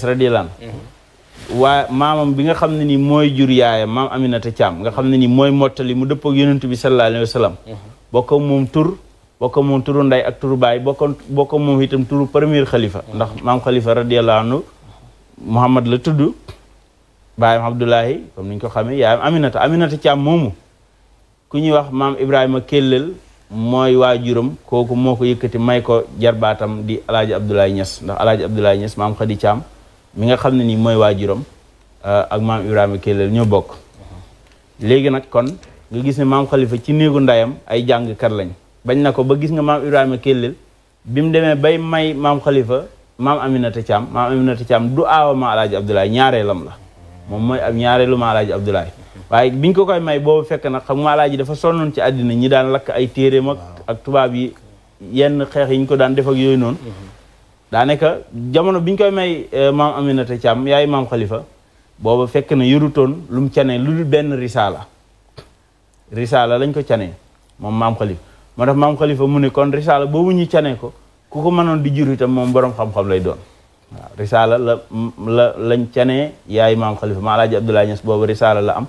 bi nga xam ne ni mooy jur yaayam maam Aminata Thiam nga xam ne ni mooy mottali mu dëppoo ak yonent bi sallallahu alayhi wa sallam mhm. moom tur bokk moom turu nday ak turu baay bokk bokk moom itam turu premier xalifa mhm. ndax maam Khalifa radiyallahu Muhammad la tudd baayam Abdoulahi comme niñ ko xamee yaayam Aminata Aminata Thiam moomu ku ñuy wax maam Ibrahima Kellel mooy waajuram kooku moo ko yëkkati may ko jarbaatam di alaaji Abdoulaye Niass ndax alaaji Abdoulaye Niass maam Khady Thiam mi nga xam ne nii mooy waajuram euh, ak maam Ibrahima Kellel ñoo bokk léegi nag kon nga gis ne maam Khalifa ci néegu ndayam ay jàngkat lañ bañ na ko ba gis nga maam Ibrahima Kellel bi mu demee bay may maam Khalifa maam Aminata Thiam maam Aminata Thiam du aawa ma alaaji Abdoulaye ñaareelam la moom mooy ab ñaareelu ma alaaji Abdoulaye waaye biñ ko koy may boobu fekk na xam maalaa ji dafa sonnoon ci àddina ñi daan lakk ay téeréem ak ak tubaab yi yenn xeex yi ñu ko daan def ak yooyu noonu mm-hmm. daanaka jamono biñ koy may euh, maam Aminata Thiam yaay maam Khalifa fekk na yorutoon lu cane lu benn risaala risaala lañ ko cane moom maam Khalifa maam Khalifa mu ne kon risaala boobu ñu cane ko ku ko mënoon di jur itam moom borom xam-xam lay doon risaala la la lañ cane yaay maam Khalifa Maam Alaaji Abdoulaye Niass boobu risaala la am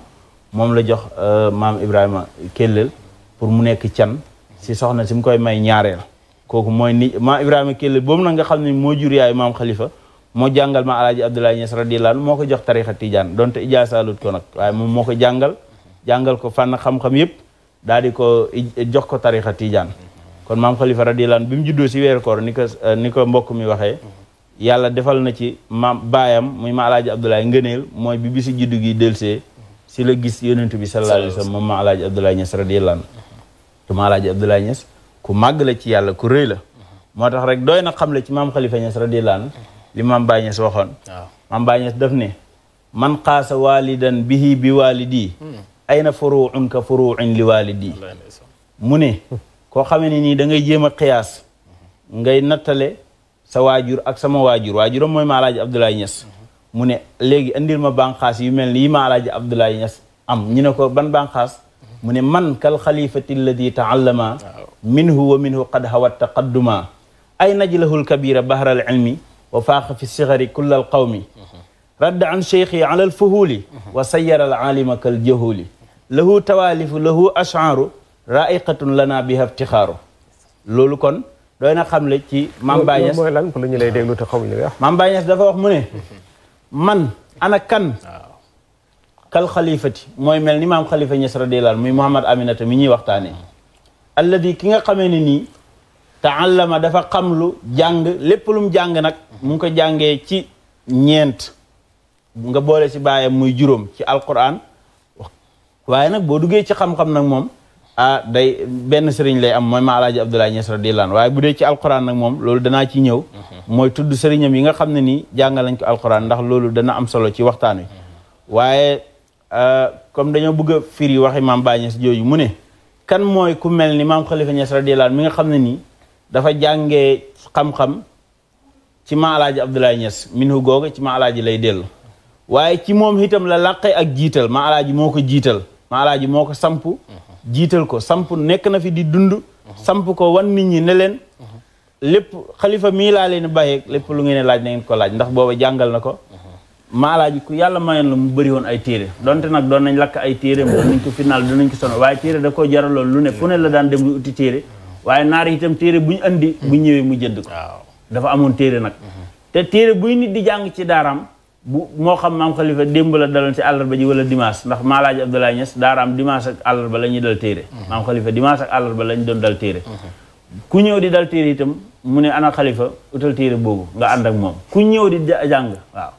moom la jox euh, maam Ibrahima Kellel pour mu nekk can si soxna si mu koy may ñaareel kooku mooy ni maam Ibrahima Kellel boobu nag nga xam ne moo jur yaay maam Khalifa moo jàngal ma alaaji Abdoulaye Niass radiyallahu moo ko jox tarixa Tidiane donte ijaasaalut ko nag waaye moom moo ko jàngal jàngal ko fànn xam-xam yëpp daal di ko jox ko tarixa Tidiane kon maam Khalifa radiyallahu anhu bi mu juddoo si weeru koor ni ko euh, ni ko mbokk mi waxee yàlla defal na ci maam baayam muy ma alaaji Abdoulaye ngëneel mooy bi bisi juddu gi si la gis yonent bi sallallahu moom ma alaaji Abdoulaye Niass radiyallahu anhu te ma alaaji Abdoulaye Niass ku màgg la ci yàlla ku rëy la moo tax rek doy na xam la ci maam kalifa Niass radiyallahu anhu li maam Baye Niass waxoon maam Baye Niass daf ne man xaasa walidan bihi bi walidi ay na furuun ka furuun li walidi mu ne koo xamee ne nii da ngay jéem a xiyaas ngay nattale sa waajur ak sama waajur waajuram mooy ma alaaji Abdoulaye Niass mu ne léegi indil ma banqaas yu mel ni yi ma alaaji Abdoulaye Niass am ñu ne ko ban banqaas mu ne man kal xalifati alladi taallama minhu wa minhu qad hawa taqadduma ay najlahul kabira bahra al ilmi wa faaqa fi sigari kulla al qawmi radda an cheikhi ala al fuhuli wa sayara al alima kal jahuli lahu tawaalifu lahu ashaaru raiqatun lana biha iftixaaru loolu kon doy na xam le ci Mame Baye la Mame Baye Niass dafa wax mu man ana kan kal xalifati mooy mel ni maam xalifa ñes radiallahu muy Muhammad Aminata mi ñuy waxtaane alladi ki nga xamee ne nii taallama dafa xam lu jàng lépp lum jàng nag mu ngi ko jàngee ci ñeent nga boole si baayam muy juróom ci alquran waaye nag boo duggee ci xam-xam nag moom ah day benn sëriñ lay am mooy ma alaaji Abdoulaye Niass radiyallahu anhu waaye bu dee ci alquran nag moom loolu danaa ci ñëw mhm. mooy tudd sëriñam yi nga xam ne nii jàngal nañ ko alquran ndax loolu dana am solo ci waxtaan wi mhm. waaye ah, comme dañoo bëgg a firi waxi maam Baay Niass jooju mu ne kan mooy ku mel ni maam Khalifa Niass radiyallahu mi nga xam ne nii dafa jànge xam-xam ci ma alaaji Abdoulaye Niass minhu googa ci ma alaaji lay dellu waaye ci moom itam la làqe ak jiital ma alaaji moo ko jiital ma alaaji moo ko samp mhm. jiital ko samp nekk na fi di dund samp ko wan nit ñi ne leen lépp xalifa mii laa leen bàyyeeg lépp lu ngeen laaj na ngeen ko laaj ndax booba jàngal na ko maalaaj ku yàlla mayoon la mu bari woon ay téere donte nag doon nañ lakk ay téere doon nañ ko final doon nañ ko sono waaye téere da koo jaraloon lu ne fu ne la daan dem lu téere waaye naar tam téere bu ñu andi bu ñëwee mu jënd ko dafa amoon téere nag te téere buy nit di jàng ci daaraam bu moo xam maam Khalifa démb la daloon ci àllarba ji wala dimanche ndax Maalaaji Abdoulaye Niass daaraam dimanche ak àllarba la ñuy dal téere mhm. maam Khalifa dimanche la ñu doon dal téere mhm. ku ñëw di dal téere itam mu ne ana Khalifa utal téere boobu nga ànd ak moom ku ñëw di jàng waaw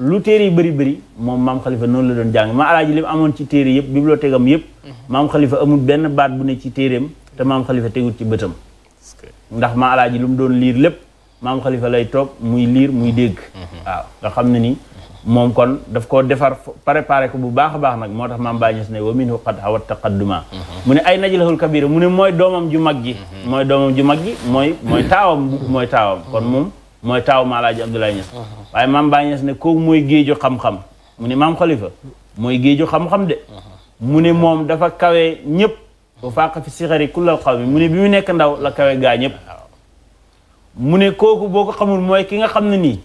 lu téere yi bëri bëri moom maam Khalifa noonu la doon jàng Maalaaji li mu amoon ci téere yëpp bibliothèque am yëpp mhm. maam Khalifa amul benn baat bu ne ci téereem te maam Khalifa tegul ci bëtam ndax Maalaaji lu mu doon liir lépp maam xalifa lay toog muy liir muy dégg mhm. waaw nga xam ne ni moom kon daf koo defar préparé ko bu baax a baax nag moo tax maam Baay Ñas ne wa minhu qad hawat taqadduma mhm. mu ne ay najlahul mu ne mooy doomam ju mag ji mhm. mooy doomam ju mooy mooy mooy taawam kon moom mooy taaw maalaaji Abdoulaye Ñas waaye maam Baay Ñas ne kooku mooy géeju mu ne maam xalifa mooy géeju xam de mu ne moom dafa kawe ñëpp ba faaqa fi sixari kullal xaw mi mu bi mu nekk ndaw la kawe gaa ñëpp mu ne kooku boo ko xamul mooy ki nga xam ne nii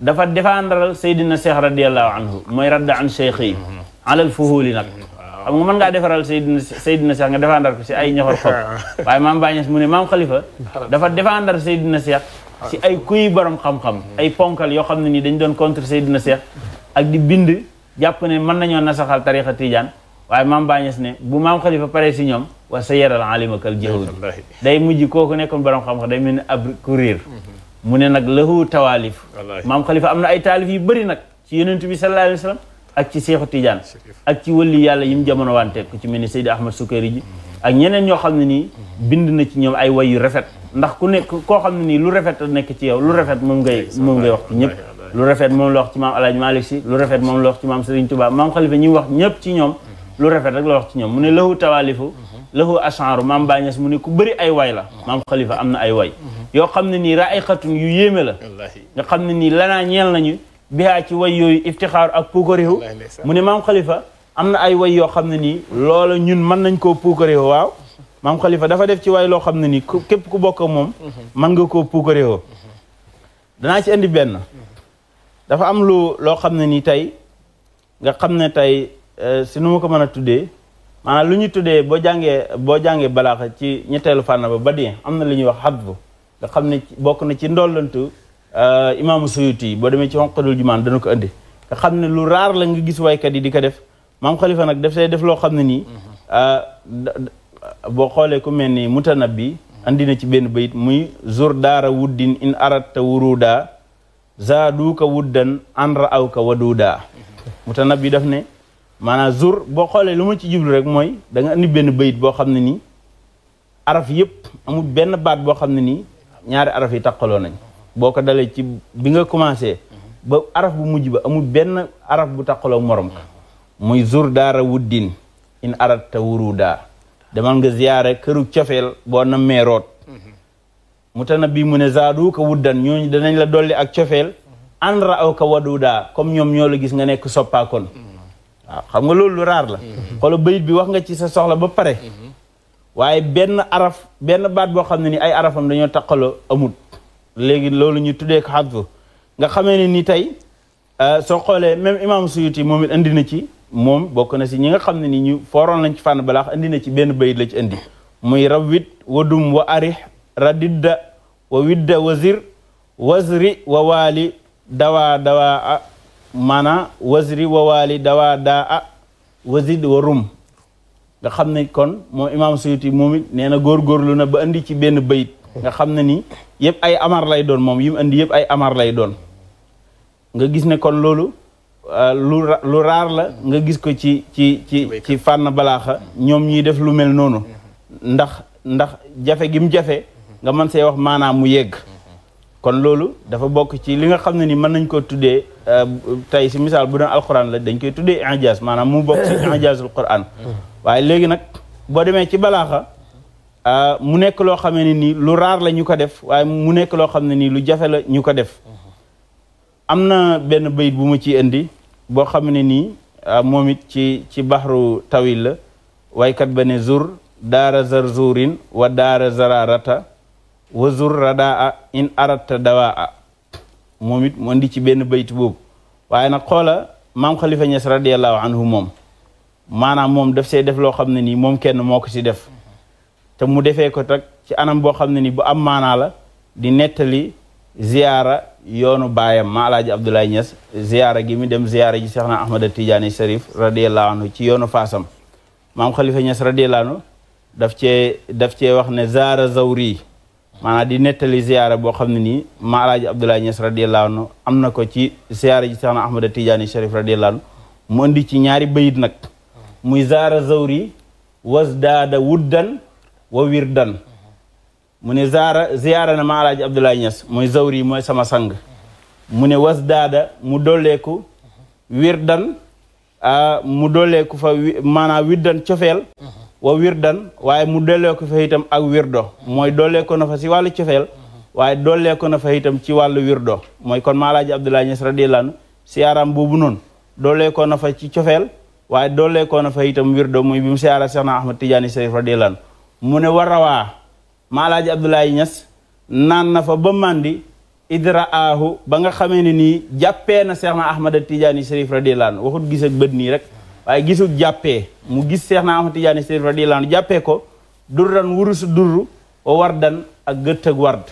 dafa défendral Seydina Cheikh radiallahu anhu mooy radda an cheikh yi alal fuhuuli nag xam nga mën ngaa defaral Seydina Seydina Cheikh nga défendral ko si ay ñoxor xob [laughs] waaye maam Bañes mu ne maam Khalifa dafa défendral Seydina si ay kuy borom xam-xam ay ponkal yoo xam ne nii dañ doon contre Seydina seex ak di bind jàpp ne mën nañoo nasaxal tarixa Tidiane waaye maam Bañes ne bu maam Khalifa pare si ñoom wa sa yaral alima kal jahud day mujj kooku nekkoon borom xam-xam day mel ni ab kuréer mhm. mu ne nag lahu tawaalif maam xalifa am na ay taalif yu bëri nag ci yonent bi sallallahu alayhi ak ci seexu tijaan ak ci wëlli yàlla yi mu jamono wante ku ci mel ni Seydi Ahmad Sukari ji mhm. ak ñeneen ñoo xam ne nii mhm. bind na ci ñoom ay way yu rafet ndax ku nekk koo xam ne nii lu rafet nekk ci yow lu rafet moom ngay moom ngay wax ci ñëpp lu rafet moom la wax ci maam Alaaji Maalik Si lu rafet moom la wax ci maam Serigne Touba ci ñoom lu rafet rek la wax ci ñoom mu ne lahu tawaalifu lahu ashaaru maam Bañes mu ne ku bëri ay way la maam Khalifa am na ay way yoo xam ne nii raayxatun yu yéeme la nga xam ne nii lanaa ñeel nañu bihaa ci way yooyu iftixaaru ak mu ne maam Khalifa am na ay way yoo xam ne nii loola ñun mën nañ koo puukarihu waaw maam Khalifa dafa def ci way loo xam ne nii képp ku bokk moom mën nga koo puukarihu danaa ci indi benn dafa am lu loo xam ne nii tey nga xam ne tey Euh, si nu ma ko mën a tuddee maanaam lu ñu tuddee boo jàngee boo jàngee balaaxa ci ñetteelu fànn ba badin am na lu ñuy wax xadbu nga xam ne bokk na ci ndollantu euh, imaamu suyuti yi boo demee ci xonqadul jumaan danu ko indi nga xam ne lu raar la nga gis waykat yi di ko def maam xalifa nag daf say def loo xam ne nii mm-hmm. euh, boo xoolee ku mel ni mutanabbi mm-hmm. andi na ci benn bayit muy zur daara wuddin in aratta wuruda zaaduuka aw an ra'awka waduuda mm-hmm. mutanabbi daf ne maanaam zur boo xoolee lu ma ci jublu rek mooy da ani benn bayit boo xam ne nii araf yëpp amul benn baat boo xam ne nii ñaari araf yi taqaloo nañ boo ko dalee ci bi nga commencé ba araf bu mujj ba amul benn araf bu taqaloo morom ka muy zur daara wuddin in aratta wuru daa demal nga ziyaare këru cofeel boo nammee root mu tana bii mu ne zaadu ko wuddan ñooñu danañ la dolli ak cofeel an ra aw ka wadu comme ñoom ñoo la gis nga nekk soppaakoon waaw xam nga loolu lu raar la mm-hmm. xolo bayit bi wax nga ci sa soxla ba pare mm-hmm. waaye benn araf benn baat boo xam ne ni ay arafam dañoo taqaloo amut léegi loolu ñu tuddee ko xadfu nga xamee ne ni tey euh, soo xoolee même imam Suyuti moom it indi na ci moom bokk na si ñi nga xam ne ni ñu fooroon lañ ci fànn balaax indi na ci benn bayit la ci indi muy rawit wadum wa arix radidda wa widda wazir wazri wa waali dawaa dawaa maana wasri wa waali dawaa daa a wasid wa rum nga xam ne kon moom imaam suyuti moom it nee na góorgóorlu na ba indi ci benn bayit nga xam ne ni yëpp ay amar lay doon moom yi mu yëpp ay amar lay doon nga gis ne kon loolu euh, lu raar la nga gis ko ci ci ci ci fànn balaaxa ñoom ñuy def lu mel noonu ndax ndax jafe gi jafe nga mën see wax maanaam mu yegg kon loolu dafa bokk ci li nga xam ne ni mën nañ koo tuddee Euh, tey si misaal bu doon alquran la dañ koy tuddee injaas maanaam mu bokk si [coughs] injaasul quran hmm. waaye léegi nag boo demee ci balaaxa euh, mu nekk loo xam ne nii lu raar la ñu ko def waaye mu nekk loo xam ne nii lu jafe la ñu ko def hmm. am na benn bayit bu mu ci indi boo xam ne nii euh, moom it ci ci baxru tawil la waykat ba ne zur daara zar zurin wa daara zararata wa zur radaa in aratta dawaa moom it mu indi ci benn bayt boobu waaye nag xoola maam Khalifa Niass radiallahu anhu moom maanaam moom daf see def loo xam ne nii moom kenn moo ko si def te mu defee ko tak ci anam boo xam ne ni bu am maanaa la di nettali ziyaara yoonu baayam ma alaaji Abdoulaye Niass ziyaara gi mi dem ziyaara ji Seexna Ahmada Tijaani Sharif radiallahu anhu ci yoonu faasam maam Khalifa Niass radiallahu daf cee daf cee wax ne zaara zawri maanaam di nettali ziyaara boo xam ne nii ma alaaji Abdoulaye Niass radiyallahu anhu am na ko ci ziyaara ji Seexna Ahmada Tijaani Sharif radiyallahu anhu mu indi ci ñaari bayit nag muy zaara zawri wasdaada wuddan wa wirdan mu ne zaara ziyaara na ma alaaji Abdoulaye Niass mooy zawri mooy sama sang mu ne daada mu dolleeku wirdan ah, mu dolleeku fa maanaam wirdan cofeel wa wirdan waaye mu doolee ko fa itam ak wirdo mooy doolee ko na fa si wàllu cofeel waaye doolee ko na fa itam ci wàllu wirdo mooy kon maalaaji Abdoulaye Niass radiyallahu anhu siyaaram boobu noonu doolee ko na fa ci cofeel waaye doolee na fa itam wirdo muy bi mu siyaara Seexna Ahmad Tijaani Sharif radiyallahu anhu mu ne war awaa maalaaji Abdoulaye Niass naan na fa ba màndi idra aahu ba nga xamee ni nii jàppee na Seexna Ahmad Tijaani Sharif radiyallahu anhu waxut gis ak bët nii rek waaye gisul jàppee mu gis Seex na Ahmad Tijaani Sariif radiyallaahu jàppee ko durran wurusu durru wa wardan ak gëtt ak ward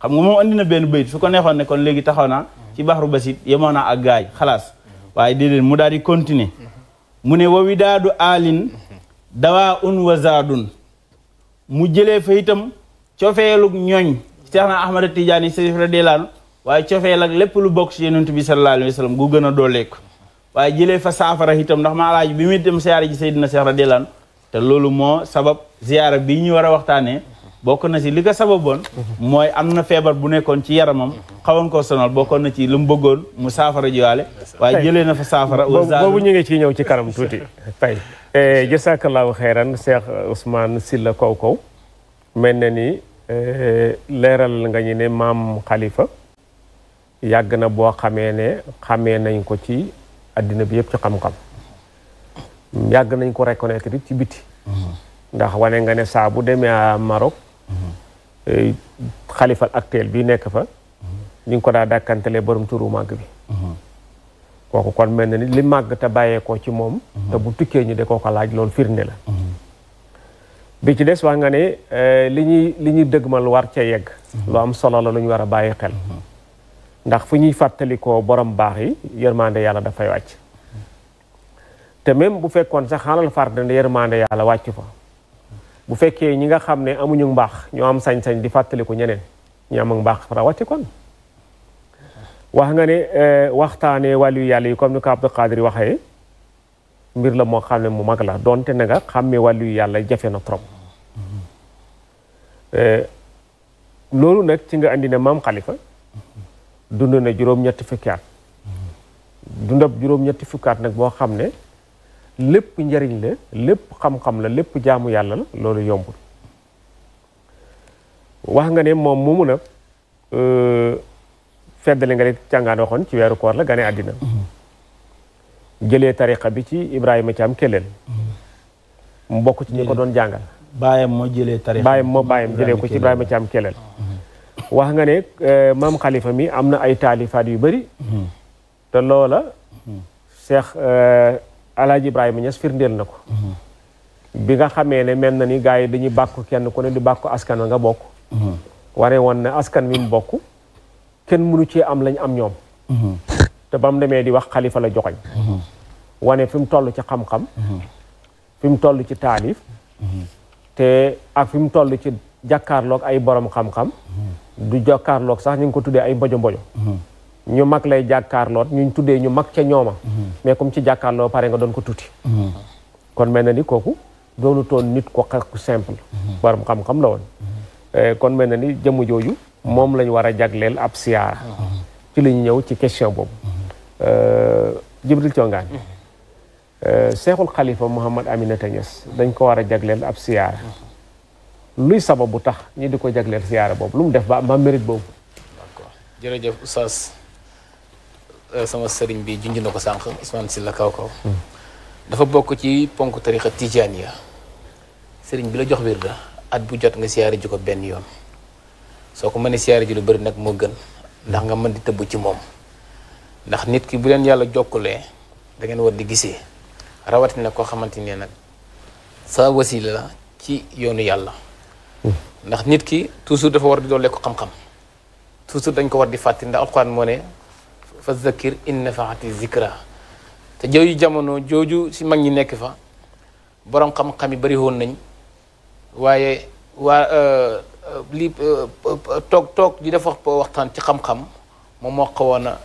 xam nga moom andi na benn bayit su ko neexoon ne kon léegi taxaw naa ci baxru basit yemoon naa ak gaay xalaas waaye déedéet mu daal di continuer mu ne wa widaadu aalin dawaa un wa mu jëlee fa itam cofeelug ñooñ Seex na Ahmad Tijaani Sariif radiyallaahu anhu waaye cofeel ak lépp lu bokk ci Yonent bi sallallaahu alayhi wa gu gën a dooleeku waaye jëlee fa saafara itam ndax maa laaj bi muy dem siyaara ji Seydina Cheikh radiyallahu anhu te loolu moo sabab ziyaara bii ñu war a waxtaanee bokk na ci li ko sababoon mooy am na feebar bu nekkoon ci yaramam xawoon ko sonal bokkoon na ci lu mu bëggoon mu saafara jiwaale waaye jëlee na fa saafara boobu ñu ngi ci ñëw ci kanam tuuti [laughs] tay eh, jasaakallahu xeyran Cheikh Ousmane Sylla Kow Kow mel na ni eh, leeral nga ñu ne maam xalifa yàgg na boo xamee ne xamee nañ ko ci addina bi yëpp ci xam-xam yàgg nañ ko reconnaître it ci biti ndax wane nga ne saa bu demee Maroc xalifal actuel bii nekk fa ñu ngi ko daa dàkkantele borom turu màgg bi kooku kon mel na ni li màgg te bàyyeekoo ci moom te bu tukkee ñu de koo ko laaj loolu firnde la bi ci des wax nga ne eh, li ñuy li ñuy dëgmal war cee yegg lu am solo la ñu war a bàyyi xel ndax fu ñuy fàttalikoo borom baax yi yërmande yàlla dafay wàcc te même bu fekkoon sax xalal fard ne yërmande yàlla wàcc fa bu fekkee ñi nga xam ne amuñu mbaax ñoo am sañ-sañ di fàttaliku ñeneen ñi am mbaax rawati kon wax nga ne euh, waxtaanee wàllu yàlla yi comme ni ko Abdou waxee mbir la moo xam ne mu mag la donte na nga xàmmee wàllu yàlla jafe na trop mm-hmm. euh, loolu nag ci nga indi ne maam Khalifa dund na juróom-ñetti fukki at dundab juróom-ñetti fukki nag boo xam ne lépp njariñ la lépp xam-xam la lépp jaamu yàlla la loolu yombul wax nga ne moom mu mun a feddali nga ne càngaan waxoon ci weeru koor la gane àddina mm-hmm. jëlee tariqa bi ci Ibrahima Thiam Keleel mm-hmm. mu bokk ci ñi ko doon jàngal baayam moo jëlee tariqa baayam moo baayam jëlee ko ci Ibrahima Thiam Keleel mm-hmm. wax nga ne euh, maam xalifa mi am na ay taalifaat yu bëri mhm. te loola Cheikh euh, Alaaji Ibrahima Niass firndeel na ko mhm. bi nga xamee ne men na ni gars yi dañuy bàkk kenn ku ne di bàkk askan wa nga bokk mhm. ware woon ne askan wi mu bokk kenn mënu cee am lañ am ñoom te ba mu demee di wax xalifa la joxoñ wane fi mu toll ci xam-xam fi mu toll ci taalif te ak fi mu ci jàkkaarlook ay borom xam-xam du jàkkaarloog sax ñu ngi ko tuddee ay mbojo mbojo ñu mag lay jàkkaarloot ñu tuddee ñu mag ca ñooma mais comme ci jàkkaarloo pare nga doon ko tuuti kon mel na ni kooku doonu toon nit ko xaku simple borom xam-xam la woon eh, kon mel na ni jëmm jooju moom lañ war a jagleel ab siyaara ci la ñëw ci question boobu eh, Jibril Congaan eh, Seexul Xalifa Mouhamad Aminata Niass dañ ko war a jagleel ab siyaara luy bu tax ñi di ko jagleel siyaara boobu lu mu def ba ma mérite boobu. d'accord jërëjëf oustaz euh, sama sëriñ bi junj na ko sànq Ousmane Sylla kaw kaw. Hmm. dafa bokk ci ponk tarixa tijaaniya sëriñ bi la jox wirda at bu jot nga siyaare ji ko benn yoon soo ko mënee siyaare ji lu bari nag moo gën ndax nga mën di tëbb ci moom ndax nit ki bu leen yàlla jokkulee da ngeen war di gisee rawatina koo xamante ne nag sa wasila la ci yoonu yàlla ndax nit ki toujours dafa war di doon lekk xam-xam toujours dañ ko war di fàttali ndax alxuraan moo ne fa zakir in nafaati zikra te jooju jamono jooju si mag ñi nekk fa borom xam-xam yi bari woon nañ waaye waa euh, euh, li euh, toog toog di def wax waxtaan ci xam-xam moom moo xawoon a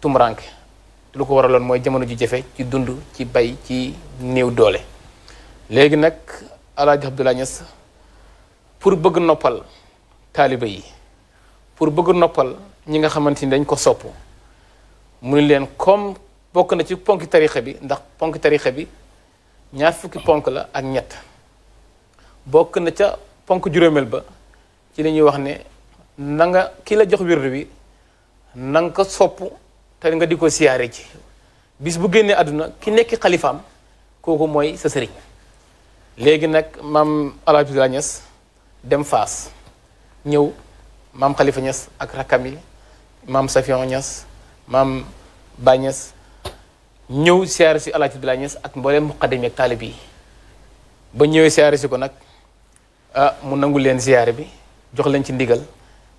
tumuranke lu ko waraloon mooy jamono ji jafe ci dund ci bay ci néew doole léegi nag Alaaji Abdoulaye Niass pour bëgg noppal taaliba yi pour bëgg noppal ñi nga xamante ni dañ ko sopp mu ni leen comme bokk na ci ponki tarixa bi ndax ponk tarixe bi ñaar fukki ponk la ak ñett bokk na ca ponk juróomeel ba ci lañuy wax ne na nga ki la jox wirdu wi na nga ko sopp te nga di ko siyaare ci bis bu génnee àdduna ki nekk xalifaam kooku mooy sa sëriñ léegi nag maam El Hadj Abdoulaye Niass dem Faas ñëw maam Khalifa Niass ak rakkam yi maam Safion Niass maam Ba ñëw siyaare si bi laa Niass ak mbooleem muqaddam yi ak taalib yi ba ñëwee siyaare si ko nag ah mu nangu leen siyaare bi jox leen ci ndigal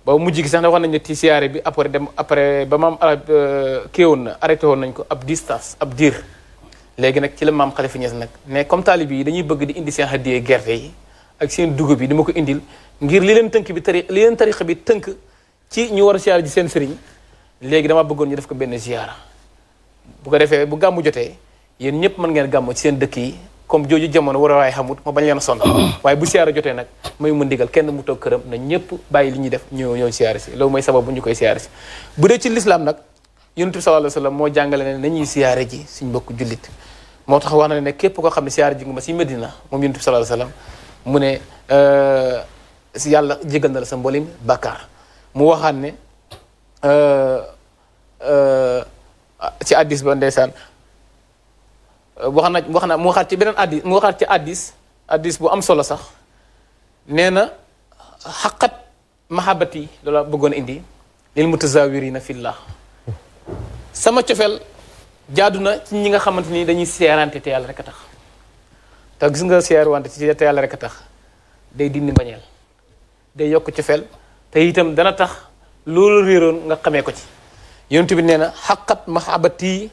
ba mujj gi sax ne wax nañ ne ci siyaare bi après dem après ba maam euh, kii woon na arrêté woon nañ ko ab distance ab diir léegi nag ci la maam Khalifa Niass nag mais comme taalib yi dañuy bëgg di indi seen xaddiyee gerte yi ak seen dugub yi di ma ko indil ngir li leen tënk bi tari li leen tariqa bi tënk ci ñu war a siyaara ji seen sëriñ léegi dama bëggoon ñu def ko benn ziyaara bu ko defee bu gàmmu jotee yéen ñëpp mën ngeen gàmmu ci seen dëkk yi comme jooju jamono war a waay xamut ma bañ leen a sonn [coughs] bu siyaara jotee nag may mu ndigal kenn mu toog këram na ñëpp bàyyi li ñuy def ñëw ñëw siyaara si loolu mooy sababu ñu koy siyaara si bu dee ci lislaam nag yonent bi sallallahu alayhi wasallam moo jàngale ne nañuy siyaare ji suñ mbokk jullit moo tax wax na ne képp koo xam ne siyaare ji nga ma si Medina moom yonent bi sallallahu alayhi wasallam mu ne euh, si yàlla jégal na la sa mbolim bàkkaar mu waxaat ne euh, euh, ci addis ba ndeysaan wax na wax na mu waxaat ci beneen addis mu waxaat ci addis addis bu am solo sax nee na xaqat mahabati loola bëggoon indi lil mutazawirina fillah sama cofeel jaadu na ci ñi nga xamante ni dañuy seerante te yàlla rek a tax te gis nga wante ci te yàlla rekk tax day dindi mbañeel day yokk ci fel te itam dana tax loolu réeroon nga xamee ko ci yonent bi nee na xaqat mahabati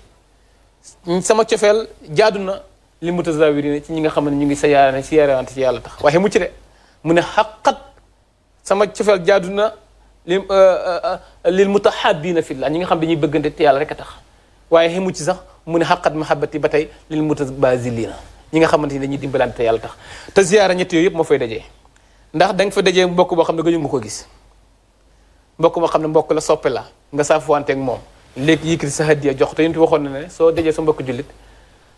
sama cofeel jaadu na li mutazawirina ci ñi nga xam ne ñu ngi sayaarane siyaarewante ci yàlla tax waaye mucc de mu ne xaqat sama cofeel jaadu na li euh, euh, lil mutahabina fillah ñi nga xam dañuy bëggante te yàlla rek tax waaye xemu ci sax mu ne xaqat mahabati ba tey lil mutabazilina ñi nga xamante ni dañuy dimbalante yàlla tax te ziyaara ñett yooyu yëpp moo fay dajee ndax da fa dajee mbokk boo xam ne gëju nga ko gis mbokk moo xam ne mbokk la soppe la nga saafuwante ak moom léegi yëkkati sa hadiya jox te yéen waxoon na ne soo dajee sa mbokk jullit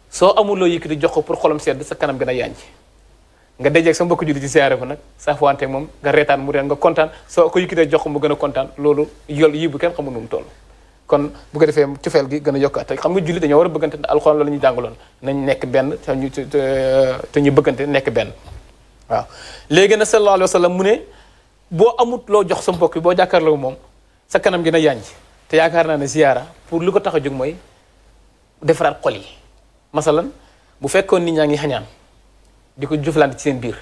soo amuloo yëkkati jox ko pour xolam sedd sa kanam gën a yaañ ci nga dajee sa mbokk jullit ci siyaare ko nag saafuwante ak moom nga reetaan mu reen nga kontaan soo ko yëkkatee jox ko mu gën a kontaan loolu yol yi bu kenn xamul nu mu toll kon bu ko defee cofeel gi gën a te xam nga julli dañoo war a bëggante alxuraan loolu ñu jàngaloon nañ nekk benn te ñu te ñu bëggante nekk benn waaw léegi nag sallallahu alayhi wa sallam mu ne boo amut loo jox sa mbokk boo jàkkaarloo moom sa kanam gi na yànj te yaakaar naa ne ziyaara pour lu ko tax a jóg mooy defaraat xol yi masalan bu fekkoon nit ñaa ngi xañaan di ko jëflante ci seen biir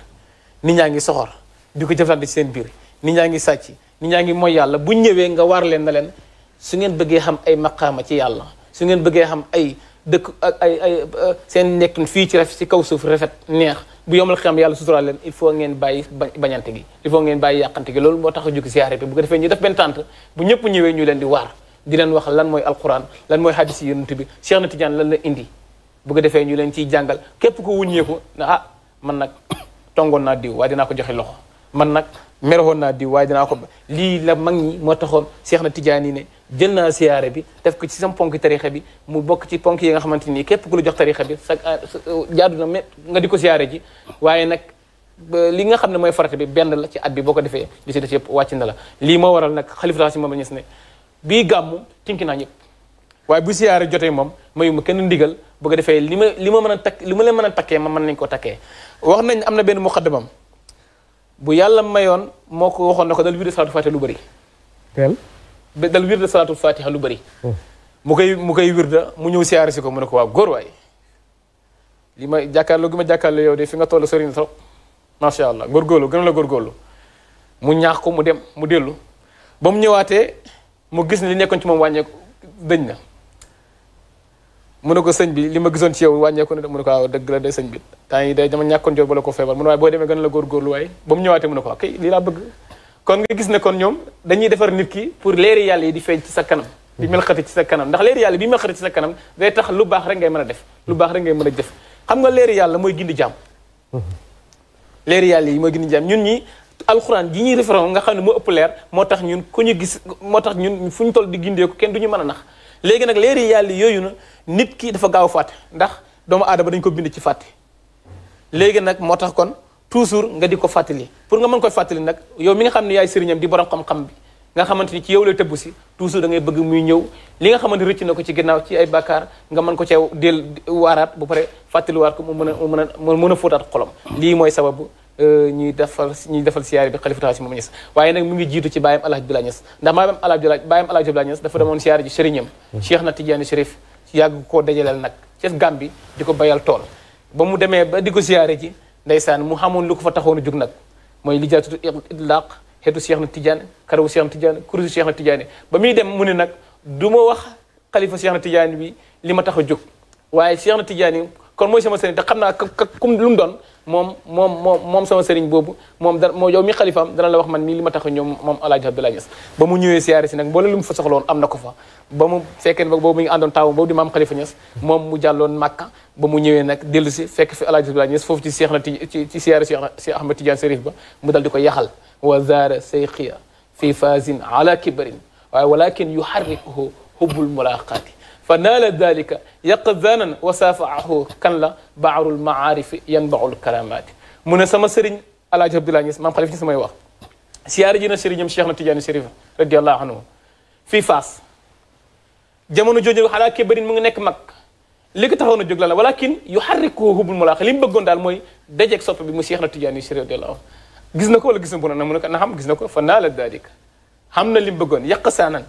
nit ñaa ngi soxor di ko jëflante ci seen biir nit ñaa ngi sàcc nit ñaa ngi mooy yàlla bu ñëwee nga war leen na leen su ngeen bëggee xam ay maqaama ci yàlla su ngeen bëggee xam ay dëkk ak ay ay seen nekkin fii ci rafet ci kaw suuf rafet neex bu yomal xam yàlla su leen il faut ngeen bàyyi bañante gi il faut ngeen bàyyi yàqante gi loolu moo tax a jóg siyaare bi bu ñu def ñëpp ñëwee ñu leen di waar di leen wax lan mooy alquran lan mooy hadis yi yonent bi Cheikh na Tidiane lan la indi bu ko defee ñu leen ciy jàngal képp ko wuññeeku na ah man nag tongoon naa diw waaye dana ko joxe loxo man nag meroon naa diw waaye dinaa ko lii la mag ñi moo taxoon Cheikh na Tidiane yi ne jël naa siyaare bi def ko ci sam ponk tarixa bi mu bokk ci ponk yi nga xamante nii képp ku la jox tarixa bi sa ah, uh, jaadu na met nga di ko siyaare ji waaye nag li nga xam ne mooy farata bi benn la ci at bi boo ko defee li si des yëpp na la lii moo waral nag xalifa si moom la ñes bii gàmmu tinki naa ñëpp waaye bu siyaare jotee moom mayuma kenn ndigal bu ko defee li ma li ma mën a takk li ma leen mën a takkee ma mën nañ ko takkee wax nañ am na benn muqaddamam bu yàlla mayoon moo ko waxoon na ko dal wi de salaatu fàtte lu bari dal wirda salaatul fatiha lu bëri. mu koy mu koy da mu ñëw siyaare si ko mu ne ko waaw góor waay li ma jàkkaarloo gi ma jàkkaarloo yow de fi nga toll sori na trop macha allah góorgóorlu gën la góorgóorlu mu ñaax ko mu dem mu dellu ba mu ñëwaatee mu gis ne li nekkoon ci moom wàññeeku dëñ na. mu ne ko sëñ bi li ma gisoon ko waaw dëgg la de sëñ bi temps yi day dama ñàkkoon jot bala ko feebar mu ne waaye boo demee gën la góorgóorlu waaye ñëwaatee mu ne ko ok lii laa bëgg. kon nga gis ne kon ñoom dañuy defar nit ki pour leeri yàlla yi di feeñ ci sa kanam di melxati ci sa kanam ndax leeri yàlla bi melxati ci sa kanam day tax lu baax rek ngay mën a def lu baax rek ngay mën a def xam nga leeri yàlla mooy gindi jaam yi mooy gindi jaam ñun ñi alxuraan yi ñuy référence nga xam ne moo ëpp leer moo tax ñun ku ñu gis moo tax ñun fu ñu toll di gindee ko kenn du ñu mën a nax léegi nag leeri yàlla yooyu na nit ki dafa gaaw fàtte ndax doomu aadama dañ ko bind ci fàtte léegi nag moo tax kon toujours nga di ko fàttali pour nga mën koy fàttali nag yow mi nga xam ne yaay sëriñam di borom xam-xam bi nga xamante ni ci yow lay tëbb si toujours da ngay bëgg muy ñëw li nga xamante rëcc na ko ci ginnaaw ci ay bàkkaar nga mën ko cee del a mën a mën a fóotaat xolam lii mooy sababu euh, ñuy defal ñuy defal siyaare bi xalifa taxaw si moom Ñas waaye mu ngi jiitu ci bàyyam alhaji Bila Ñas ndax maam alhaji bàyyam alhaji Bila Ñas dafa demoon na Tidiane Chérif yàgg di ko bayal tool ba mu demee ba di ko siyaare ji ndeysaan mu xamoon lu ko fa taxoon a jug nag mooy lijaatatu idlaq xeetu Cheikh na Tidiane karawu Cheikh na Tidiane kuréelu Cheikh na Tidiane ba muy dem mu ne nag du ma wax xalifa Cheikh na Tidiane bi li ma tax a jóg waaye Cheikh na Tidiane kon mooy sama sëriñ te xam naa ka kum lu mu doon moom moom moom moom sama sëriñ boobu moom da moo yow mi xalifaam dana la wax man nii li ma tax a moom alaaji Abdoulaye Niass ba mu ñëwee siyaare si nag mboolem lu mu am na ko fa ba mu fekkee ne boobu mi ngi àndoon taawu boobu di maam xalifa Niass moom mu jàlloon Màkka ba mu ñëwee nag dellu si fekk fi alaaji Abdoulaye Niass foofu ci seex na ti ci ci siyaare si Ahmed Tidiane Serif ba mu dal di ko yaxal wa zaara sayqiya fi faasin ala kibarin waaye walakin yuharrikuhu hubbul mulaqaati fa naala dalika yaqzanan wa saafaahu kan la baarul maarifi yanbaul karamaati mu ne sama sëriñ alaaji Abdoulaye Niass maam xalif ñi samay wax siyaare ji na sëriñam Cheikh na Tidiane Chérif radiallahu anhu fii Faas jamono jooju xalaa kébarin mu ngi nekk mag li ko taxoon a jóg la la walakin yuharrikuhu hubbul mulaaqa li mu bëggoon daal mooy dajeeg sopp bi mu Cheikh na Tidiane Chérif radiallahu anhu gis na ko wala gis na ko na mu ne ko na xam gis na ko fa naala dalika xam na li mu bëggoon yaqsaanan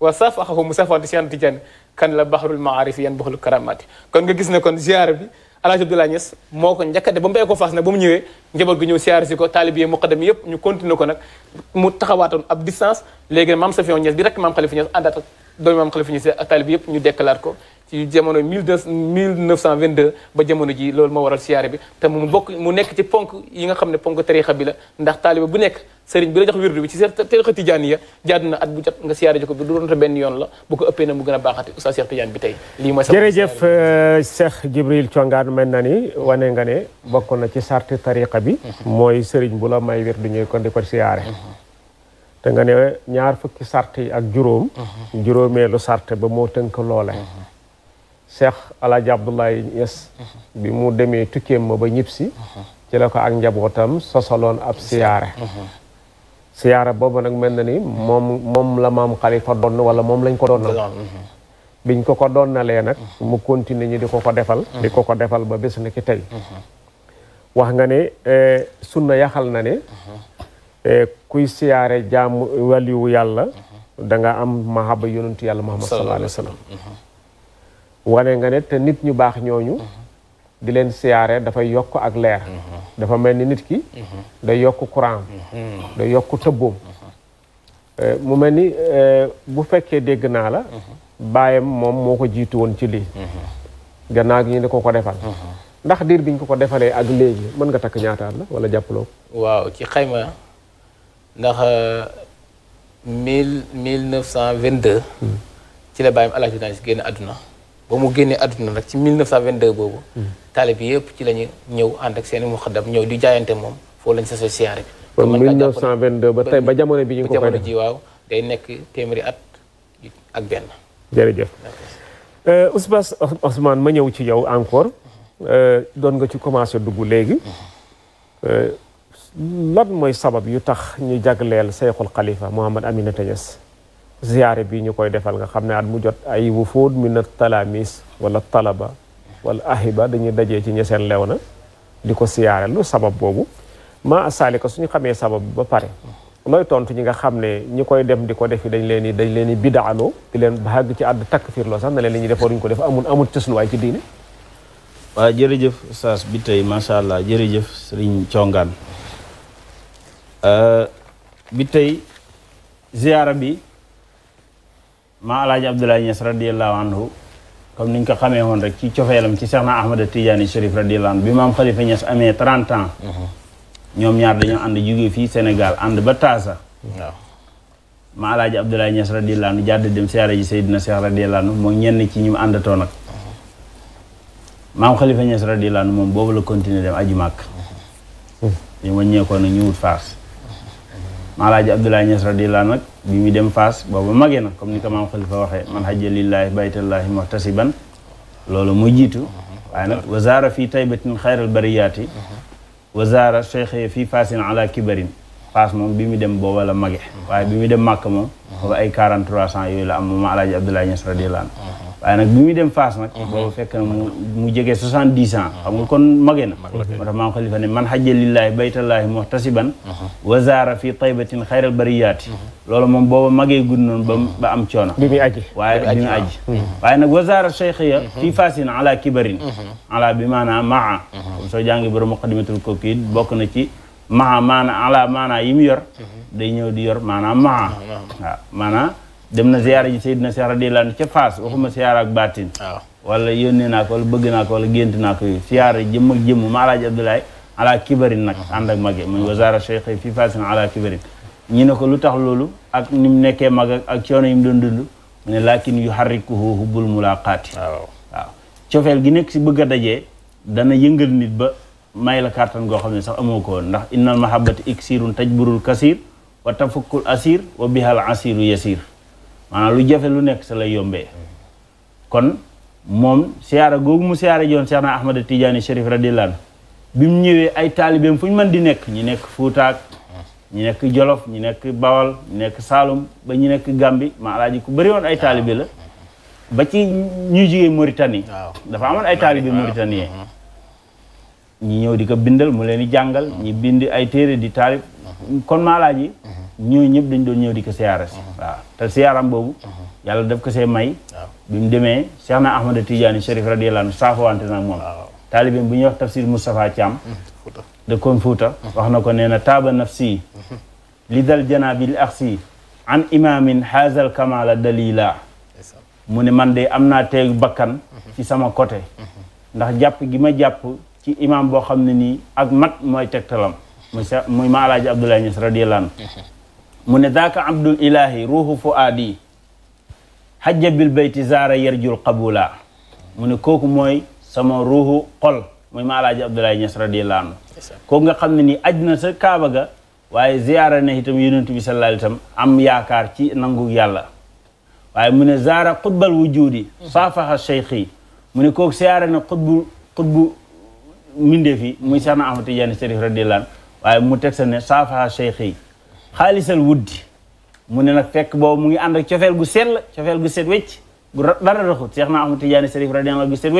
wa saafaahu mu saafante Cheikh na Tidiane kan la baxrul maarif yan baxrul karamaati kon nga gis ne kon ziar bi Alaaji Abdoulaye Niass moo ko njëkk a def ba mu béy ko fas nag ba mu ñëwee njaboot gi ñëw siyaar si ko taalibe yi muqaddam yëpp ñu continuer ko nag mu taxawaatoon ab distance léegi nag maam Safiou Niass bi rek maam Khalifa Niass àndaat ak doomi maam Khalifa Niass ak taalib yëpp ñu dekkalaat ko ba jamono ji loolu moo waral siyaare bi te mu mu nekk ci ponk yi nga ne ponk bi la ndax taaliba bu nekk sëriñ bi la jox wirdu bi ci tarixa tijaaniya at bu jot nga siyaare ji ko bi du ko ëppee na mu a baaxati oustaz Cheikh Tidiane bi tey lii mooy jërëjëf euh, Cheikh Jibril Thiongaan mel na ni wane nga ne bokk na ci sarti tarixa bi mhm. mooy sëriñ bu la may wirdu ñuy kon di ko siyaare mhm. te nga ne ñaar fukki sart yi ak juróom juróomeelu sart ba moo tënk loole Cheikh Alaaji Abdoulaye mu demee tukkeem ma ba ñibbisi ci la ko ak njabootam sosaloon ab siyaare siyaara boobu nag mel na ni moom la maam Khalifa doon wala moom lañ ko doonnal mhm. biñ ko ko doonnalee nag mu continuer ñu di ko ko defal mhm. di ko ko defal ba bés na ki tey mhm. wax nga ne eh, sunna yaxal na ne Eh, kuy siyaare jaam waliwu yàlla danga nga am mahaba yonentu yàlla muhammad sallallahu alayhi wa sallam mm-hmm. wane nga ne te nit ñu baax ñooñu mm-hmm. di leen siyaare dafay yokk ak leer mm-hmm. mel ni nit ki day yokk courant day yokk tëbboom eh, mu mel ni eh, bu fekkee dégg naa la baayam moom moo ko jiitu woon ci lii gi ñu ne ko ko defal ndax diir biñ ko ko defalee ak léegi mën nga takk ñaataat la wala jàppaloo ko waaw ci xayma ndax euh, mille mille neuf cent vingt deux ci la bàyyam alaaji naaji génn àdduna ba mu génnee àdduna nag ci mille neuf cent vingt deux boobu hmm. taalib yëpp ci la ñu ñëw ànd ak seen i muxaddam ñëw di jaayante moom foo lañ sa so siyaare bi kon 1922 ba tey ba jamono bi ñu ko koy ji waaw day nekk téeméeri at ak benn jërëjëf euh, Oustaz ma ñëw ci yow encore hmm. euh, doon nga ci commencé dugg léegi hmm. lan mooy sabab yu tax ñu jagleel Seyxul Xalifa Mouhamad Aminata Niass ziyaare bi ñu koy defal nga xam ne at mu jot ay wufuud min talaamis wala talaba wala ahiba dañuy dajee ci ñeseen lew na di ko siyaare lu sabab boobu maa saalika suñu xamee sabab ba pare looy tontu ñi nga xam ne ñi koy dem di ko defi dañ leen i dañ leen i bidaaloo di leen baàgg ci àdd takk loo sax ne leen li ñuy defoo duñ ko def amul amul cësluwaay ci diine waa jërëjëf saas bi tey macha allah jërëjëf sëriñ congaan Euh, bi tey ziyaara bi maa alaaji Abdoulaye Niass radiallahu anhu comme niñ ko xamee woon rek ci cofeelam ci Seexna Ahmada Tidiane Chérif radiallahu anhu bi maam Khalifa Niass amee 30 ans uh-huh. ñoom ñaar dañoo ànd jóge fii senegal ànd ba taasa waaw maa alaaji Abdoulaye Niass radiallahu anhu jàdd dem siyaara ji Seydina Cheikh radiallahu anhu moom ñenn ci ñu mu àndatoo nag uh-huh. maam Khalifa Niass radiallahu moom boobu la continuer dem aji màkk uh-huh. ñu wàññeekoo nag ñu wut faas maalaaji Abdoulaye Niass radiyallaahu nag bi muy dem Faas boobu magee na comme ni ko maam Xalifa waxee man hajja lillaahi baytallaahi muhtasiban loolu mu jiitu waaye nag wazaara fii taybatin xayral bariyaati wazaara cheikhe fii fas ala kibarin faas moom bi muy dem booba la mage waaye bi muy dem màkk moom booba ay 43 ans yooyu la am moom maalaaji Abdoulaye Niass radiyallaahu waaye nag bi muy dem Faas nag mhm. boobu fekk na mu mu jege soixante-dix ans xam mhm. nga kon mage na moo tax maam xalifa ne man xajja lillaahi baytallaahi muhtasiban mhm. wazaara fi taybatin xayral bariyaati loolu moom booba magee gudd noonu ba am coono bi muy aji waaye bi muy aji waaye nag wazaara cheikhiya fii faasin ala kibarin ala bi maanaam maa comme soo jàngi borom muqaddimatul bokk na ci maa maana ala maana yi mu yor day ñëw di yor maanaam maa dem na ziyaara ji Seydina Cheikh radiyallahu anhu ca Faas waxuma ziyaara ak baatin wala yónnee naa ko wala bëgg naa ko wala gént naa ko yooyu ziyaara jëmm ak jëmm ma alaaji Abdoulaye ala kibarin nag uh-huh. ànd ak mage muy uh-huh. wazaara cheikh fii Faasin ala kibarin ñi ne ko lu tax loolu ak ni mu nekkee mag ak coono yi mu doon dund mu ne laakin yu xarrikuhu hubbul mulaqaati waaw cofeel gi nekk si bëgg a dajee dana yëngal nit ba may la kàttan goo xam ne sax amu ko woon ndax innal mahabbati iksirun tajburul kasir wa tafakkul asir wa bihal asiru yasir maanaam lu jafe lu nekk sa la yombee kon moom siyaara googu mu siyaara joon Seexna Ahmada Tijaani Chérif radiyallaahu anhu bi mu ñëwee ay taalibeem fu ñu mën di nekk ñu nekk Fuutaak ñu nekk Jolof ñu nekk Bawal ñu nekk Saalum ba ñu nekk Gambi maa alaaji ku bëri woon ay taalibe la ba ci ñuy jógee Mauritanie dafa amoon ay taalibe Mauritanien ñi ñëw di ko bindal mu leen di jàngal ñu bind ay téere di taalib kon maa alaaji mhm. ñooñu ñëpp dañ doon ñëw di ko siyaara si uh-huh. waaw siyaaram boobu uh-huh. yàlla daf ko see may bi mu demee Cheikh na Ahmada Tidiane Chérif radiyallahu anhu saafawante nag moom taalibim bu ñuy wax tafsir Moustapha Thiam de kon Fouta wax na ko nee na taaba nafsi uh-huh. li dal janabil axsi an imamin haazal kamala dalila mu ne man de am na teeg bakkan ci sama côté ndax jàpp gi ma jàpp ci imam boo xam ne nii ak mat mooy tegtalam muy sa muy ma alaaji Abdoulaye Niass radiyallahu anhu mu ne daaka abdul ilahi ruuhu fuaadi xajja bil bayti zaara yarjul qabula mu ne kooku mooy sama ruuhu xol mooy ma alaaji abdoulaye ñas radiallahu anhu kooku nga xam ne ni aj na sa kaaba ga waaye ziyaara na itam yonent bi sallallahu alayhi wasallam am yaakaar ci nangu yàlla waaye mu ne zaara xutbal wujudi saafaxa cheikhi mu ne kooku siyaara na xutbu xutbu mindee fi muy sax na amati yenn sharif radiallahu anhu waaye mu teg sa ne saafaxa cheikhi xaalisal wuddi mu ne nag fekk boobu mu ngi ànd ak cofeel gu sell cofeel gu set wecc gu dara raxut Seex na Ahmad Tijaani Sariif radiyallaahu gu set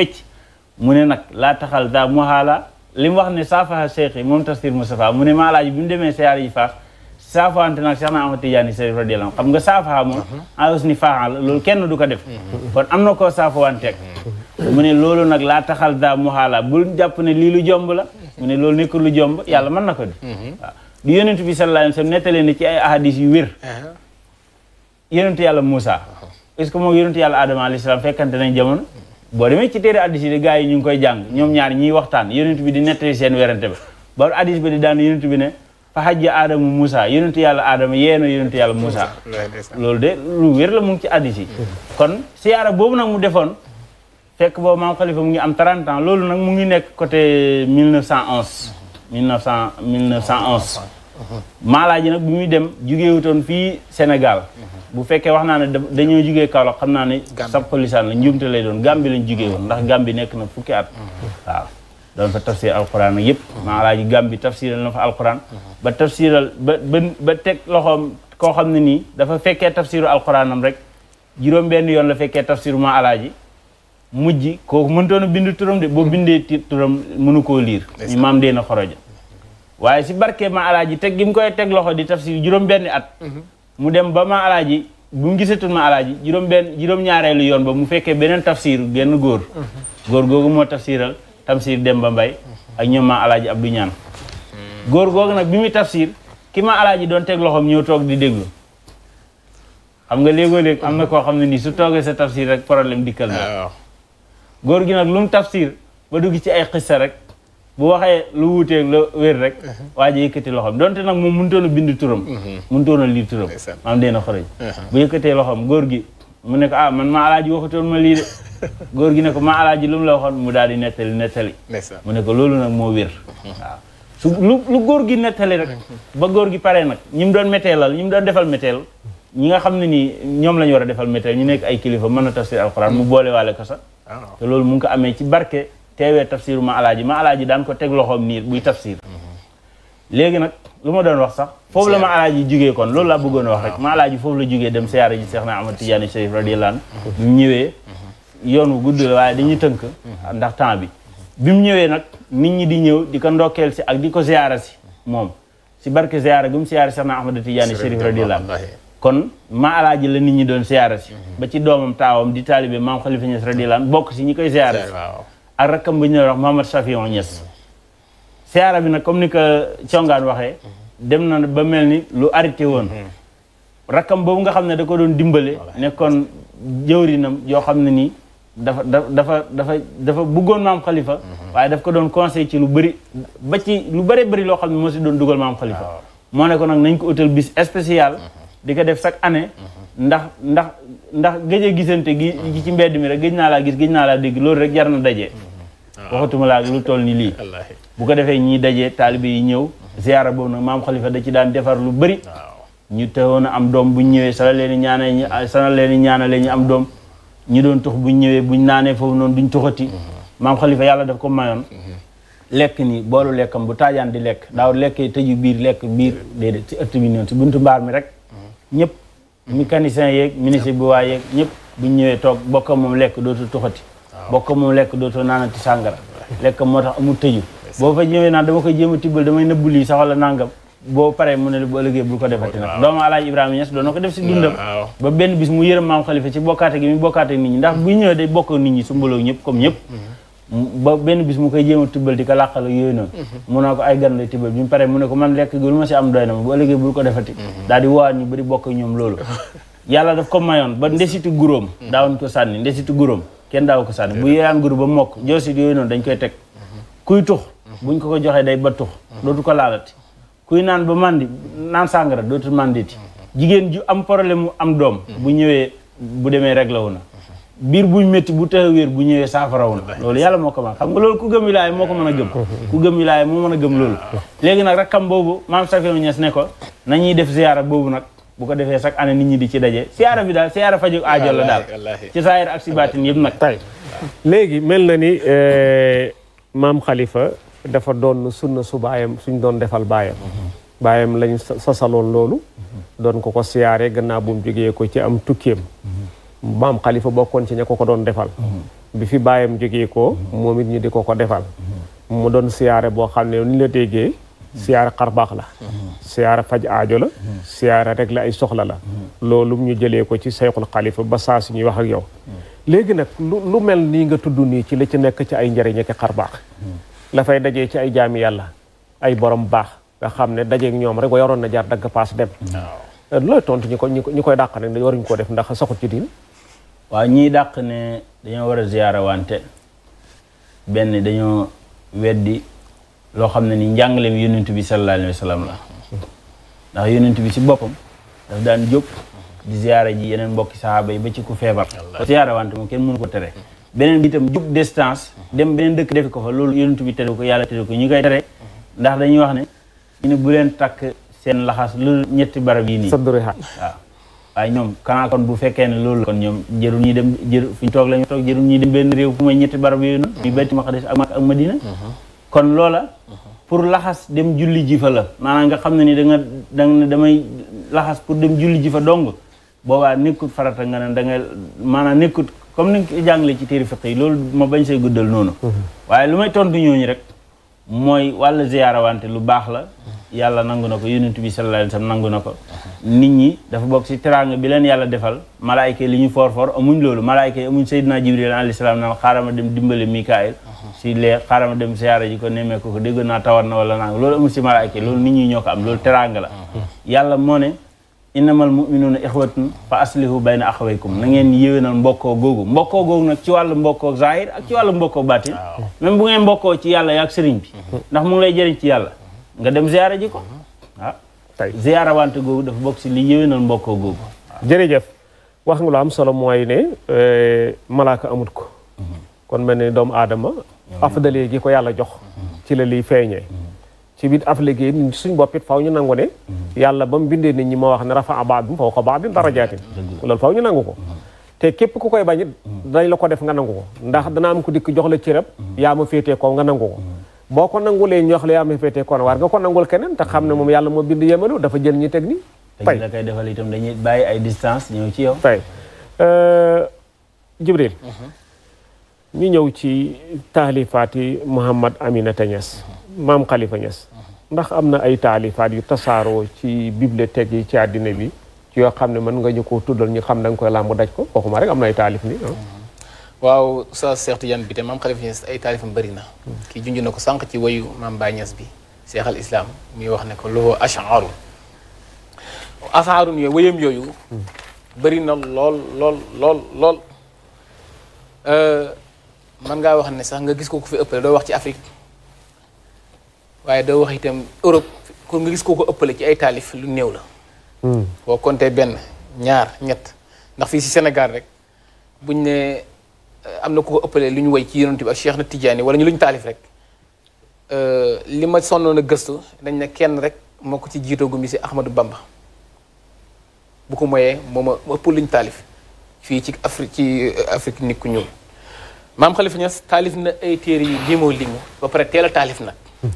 mu ne nag laa taxal da muhaala li mu wax ne saafaha Seex moom tafsir Mustafa mu ne maalaaji bi mu demee siyaar yi faax saafahante nag Seex na Ahmad Tijaani Sariif xam nga saafaha moom mhm. alos ni faaxal loolu kenn du ko def mhm. kon am na koo saafawanteeg mhm. mu ne loolu nag laa taxal da muhaala bul jàpp ne lii lu jomb la mu ne loolu nekkul lu jomb yàlla mën na ko di di yonent bi sallallahu alayhi wa sallam nettalee ne ci ay ahadis yu wér yonent yàlla Moussa est-ce que moom yonent yàlla Adama alayhi salaam fekkante nañ jamono boo demee ci téere addis yi de gars yi ñu ngi koy jàng ñoom ñaar ñiy waxtaan yonent bi di nettali seen werante ba ba addis ba di daan yonent bi ne fa xajja aadama Moussa yonent yàlla Adama yeena yonent yàlla Moussa loolu de lu wér la mu ngi ci addis yi kon siyaara boobu nag mu defoon fekk boobu maam Khalifa mu ngi am 30 ans loolu nag mu ngi nekk côté 1911 1900 1911. maalaaji nag bu muy dem jugeewutoon fii Sénégal. bu fekkee wax naa ne dañoo jugee Kaolack xam naa ne. Sappolisaan la njuumte lay doon Gàmbi lañ jugee woon ndax Gàmbi nekk na fukki at. waaw doon fa tafsir alquran yëpp. maalaaji Gàmbi tafsiral na fa alquran. ba tafsiral ba ba ba teg loxoom koo xam ne nii dafa fekkee tafsiru alquranam rek juróom benn yoon la fekkee tafsiru maalaaji. mujj kooku mënutoon a bind turam de boo hmm. bindee turam mënu koo liir ñu maam dee na xoroja waaye si barke ma alaaji teg gi mu koy teg loxo di tafsir juróom benni at hmm. mu dem ba ma alaaji bu mu gisatul ma alaaji juróom benn ñaareelu yoon ba mu fekkee beneen tafsir genn góor hmm. góor googu moo tafsiral tamsir dem ba mbay ak ñoom ma alaaji abdu ñaan góor googu nag bi muy tafsir ki ma alaaji doon teg loxoom ñëw toog di déglu xam nga léegoo léeg am na koo xam ne nii su toogee sa tafsir rek problème dikkal na ah, góor gi nag lu mu tafsir ba dugg ci ay xissa rek bu waxee lu wuuteeg la wér rek uh-huh. waa ji yëkkati loxoom donte nag moom mënutoon a bind turam uh-huh. mënutoon a lii turam maam dee na xoroj uh-huh. bu yëkkatee loxoom góor gi mu ne ko ah man maa alaaji waxatoon ma lii de [laughs] góor gi ne maa alaaji lu mu la waxoon mu daal di nettali nettali mu ne ko loolu nag moo wér su lu lu góor gi nettali rek ba góor gi pare nag ñi mu doon metteelal ñi mu doon defal metteel ñi nga xam ne nii ñoom la ñu war a defal metteel ñu nekk ay kilifa mën a tafsir alquran mu boole waale te loolu mu ko amee ci barke teewee tafsiru ma alaaji ma alaaji daan ko teg loxoom niir buy tafsir léegi nag lu ma doon wax sax foofu la ma alaaji jugee kon loolu laa bëggoon wax rek ah. ma alaaji foofu la jógee dem siyaara ji Seex na Ahmad Tijaani Sharif radiyallaahu anhu bi mu ñëwee yoon wu gudd la waaye dañuy tënk ndax temps bi bi mu ñëwee nag nit ñi di ñëw di ko ndokkeel si ak di ko siyaara si moom si barke siyaara gi mu siyaara Seex na Ahmad kon ma alaaji la nit ñi doon siyaara si ba ci doomam taawam di taalibe maam Khalifa Niass radiyallahu bokk si ñi koy siyaara si ak rakkam bu ñu doon wax Mohamad Safion Niass siyaara bi nag comme ni ko congaan waxee dem na ba mel ni lu arrêté woon rakkam boobu nga xam ne da ko doon dimbale ne nekkoon jëwrinam yoo xam ne nii dafa dafa dafa dafa buggoon maam Khalifa mhm. waaye daf ko doon conseil ci lu bëri ba ci lu bëri bëri loo xam ne moo si doon dugal maam Khalifa spécial mhm. di ko def chaque année. Mhm. ndax ndax ndax gëj a gisante gi mhm. ci mbedd mi rek géej naa laa gis gëj naa laa dégg loolu rek jar na daje. Mhm. Ah. waxatuma laa lu toll nii lii. bu ko defee ñiy daje taalibe yi ñëw. ziyaara boobu nag maam Khalifa da ci daan defar lu bëri. ñu teewoon a am doom bu ñu ñëwee sa leen ñaanee ñu sala leen ñaanalee ñu am doom ñu doon tux bu ñëwee bu ñu naanee foofu noonu duñ tuxati. maam Khalifa yàlla daf ko mayoon. lekk ni boolu lekkam bu taajaan di lekk daaw lekk tëju biir lekk biir déedéet ci ëtt bi noonu ci buntu mbaar mi rek. ñëpp mécanicien yeeg ministre bi waaye yeeg ñëpp bu ñu ñëwee toog bokk moom lekk dootoo tuxati bokk moom lekk dootoo naanati sàngara lekk moo tax amul tëju boo fa ñëwee naan dama koy jéem a tibbal damay nëbbu lii sax wala nangam boo paree mu ne bu ëllëgee bul ko defati nag doomu alaaj Ibrahima Niass doon na ko def si dundam ba benn bis mu yërëm maam xalifa ci bokkaate gi mu bokkaate nit ñi ndax mm-hmm. bu ñëwee day bokk nit ñi su mbaloo ñëpp comme ñëpp mm-hmm. ba benn bis mu koy jéem a tibbal di ko làqal yooyu noonu mhm. mu ne ko ay gan lay tibbal bi mu paree mu ne ko man lekk gi lu ma si am doy na ma bu ëllëgee bul ko defati mhm. daal di waa ñu bari bokk ñoom loolu [laughs] yàlla daf ko mayoon ba ndesitu guróom mhm. daawoon ko sànni ndesitu guroom kenn daaw ko sànni bu yeyaan guru ba mokk joosit yooyu noonu dañ koy teg kuy tux buñ ko ko joxee day ba tux dootu ko laalati kuy naan ba màndi naan sàngara dootu mànditi jigéen ju am problème mu am doom bu ñëwee bu demee réglé wu na biir buy métti bu te a wér bu ñëwee saafara woon loolu yàlla moo ko mën xam nga loolu ku gëm moo ko mën a gëm mhm. ku gëm wilaay moo mën a gëm loolu mhm. léegi nag am boobu maam Safiou Niass ne ko nañuy def ziyaara boobu nag bu ko defee chaque année nit ñi di ci daje siyaara bi daal siyaara faju aajo la daal ci saayir ak si baatin yëpp nag tay léegi mel na ni eh, maam xalifa dafa doon sunna su baayam suñ doon defal baayam mhm. baayam lañu sasaloon loolu doon ko ko siyaare gannaaw bu mu jógee ko ci am tukkeem maam xalifa bokkoon ci ña ko ko doon defal mhm. bi fi bàyyam jógee ko mhm. moom it ñu di ko ko defal mhm. mu doon siyaare boo xam ne ni la déggee siyaara xarbaax la siyaara faj aajo la siyaara rek la ay soxla la loolu ñu jëlee ko ci sayxul xalifa ba saa su ñuy wax ak yow léegi nag lu mel nii nga tudd nii ci la ci nekk ci ay njëriñ ak xarbaax la fay dajee ci ay jaami yàlla ay borom baax nga xam ne dajeeg ñoom rek waroon na jaar dagg paas dem looy tontu ñi ko ñi koy dàq nag waruñu koo def ndax saxut ci diin waaw ñiy dàq ne dañoo war a wante benn dañoo weddi loo xam ne ni njàngaleem yonent bi sallallahu alayhi wa sallam la bi si boppam daf daan jóg di ziyaara ji yeneen mbokki saxaaba yi ba ci ku feebar ziyaarawante moom kenn mënu ko tere beneen bi itam jóg distance dem beneen dëkk defi ko fa loolu yonent bi ko yàlla tere ko ñu kay tere ndax dañuy wax ne ñu ne bu leen takk seen laxas lu ñetti barab yi nii waaw waaye ñoom kanaa kon bu fekkee ne loolu kon ñoom jërul ñuy dem jër fi ñu toog la ñu toog jërul ñuy dem benn réew fu may ñetti barab yooyu noonu muy Baytul Maqdis mhm. mhm. pour laxas dem julli ji fa la maanaam nga xam ne ni da nga da nga ne damay laxas pour dem julli ji dong boobaa nekkut farata nga ne da nga maanaam nekkut comme ni nga jàngale ci téere fiq yi loolu ma bañ say guddal noonu mhm. waaye lu may tontu ñooñu rek mooy wàllu ziyaarawante lu baax la yàlla nangu na ko yonent bi sallallahu alayhi wasallam nangu na ko nit ñi dafa bokk si teraanga bi leen yàlla defal malaayka yi li ñu foor foor amuñ loolu malaayka yi amuñ Seydina Jibril alayhi salaam naan xaaral ma dem dimbale Mikaayil si lee dem ziyaara ji ko nemmeeku ko déggoon naa tawat na wala naa loolu amul ci malaayka yi loolu nit ñi ñoo ko am loolu teraanga la yàlla moo innamal muminuuna ixwatun fa aslihu bayna axawaykum na ngeen yéwénal mbokkoo googu mbokkoo googu nag ci wàllu mbokkoo zahir ak ci wàllu mbokkoo baatin même bu ngeen mbokkoo ci yàlla yaak sëriñ bi mhm. ndax mu ngi lay jëriñ ci yàlla nga dem ziyaara ji ko waaw mhm. ah. ziyaara wante googu dafa bokk si li yéwénal mbokkoo googu ah. jërëjëf wax nga lu am solo mooy ne eh, malaaka amut ko mhm. kon mel ni doomu aadama afdalee gi ko yàlla jox ci la liy feeñee ci biir af liggéey suñ bopp it faaw ñu nangu ne yàlla ba mu bindee nit ñi moo wax ne rafa baadum fawqa baadin darajaatin lool faaw ñu nangu ko mm-hmm. te képp ku koy bañ it mm-hmm. dañ la ko def nga nangu ko ndax dana am ko dikk jox la cërëb mm-hmm. yaa ma féetee ko nga nangu ko boo ko nangulee ñox la yaa ma féetee ko war nga ko nangul keneen te xam ne moom yàlla moo bind yemanu dafa jël ñi teg nii tey la koy defal itam dañuy bàyyi ay distance ñëw ci yow tey euh, Jibril ñu ñëw ci taalifaati Mouhamad Aminata Niass maam Khalifa Niass ndax am na ay taalifaat yu tasaaroo ci bibliothèque yi ci àddina bi yoo xam ne mën nga ñu koo tuddal ñu xam da nga koy làmb daj ko waxuma rek am na ay taalif ah. mm-hmm. waaw sa Cheikh bi te maam Khalifa ay taalifam bëri na mm. kii na ko sànq ci wayu maam Baye Niass bi seexal al Islam wax ne ko loo ashaaru asaarun yooyu wayam yooyu mm. bëri na lool lool lool lool euh, mën ngaa wax ne sax nga gis ko ku fi ëppale doo wax ci Afrique waaye doo wax itam Europe kon nga gis koo ko ëppale ci ay taalif lu néew la. Hmm. boo compter benn ñaar ñett ndax fii si senegal rek buñ ne euh, am na koo ko ëppalee lu ñu woy ci yonent bi ak Cheikh na Tidiane wala ñu lu ñu taalif rek euh, li ma sonnoon gëstu dañ ne kenn rek moo ko ci jiitoogu mi si Ahmadou Bamba bu ko moyee moom a ëpp lu taalif fii ci Afrique ci euh, Afrique nit ku ñuul maam Khalifa Niass taalif na ay téere yu limoo limu ba pare teel taalif na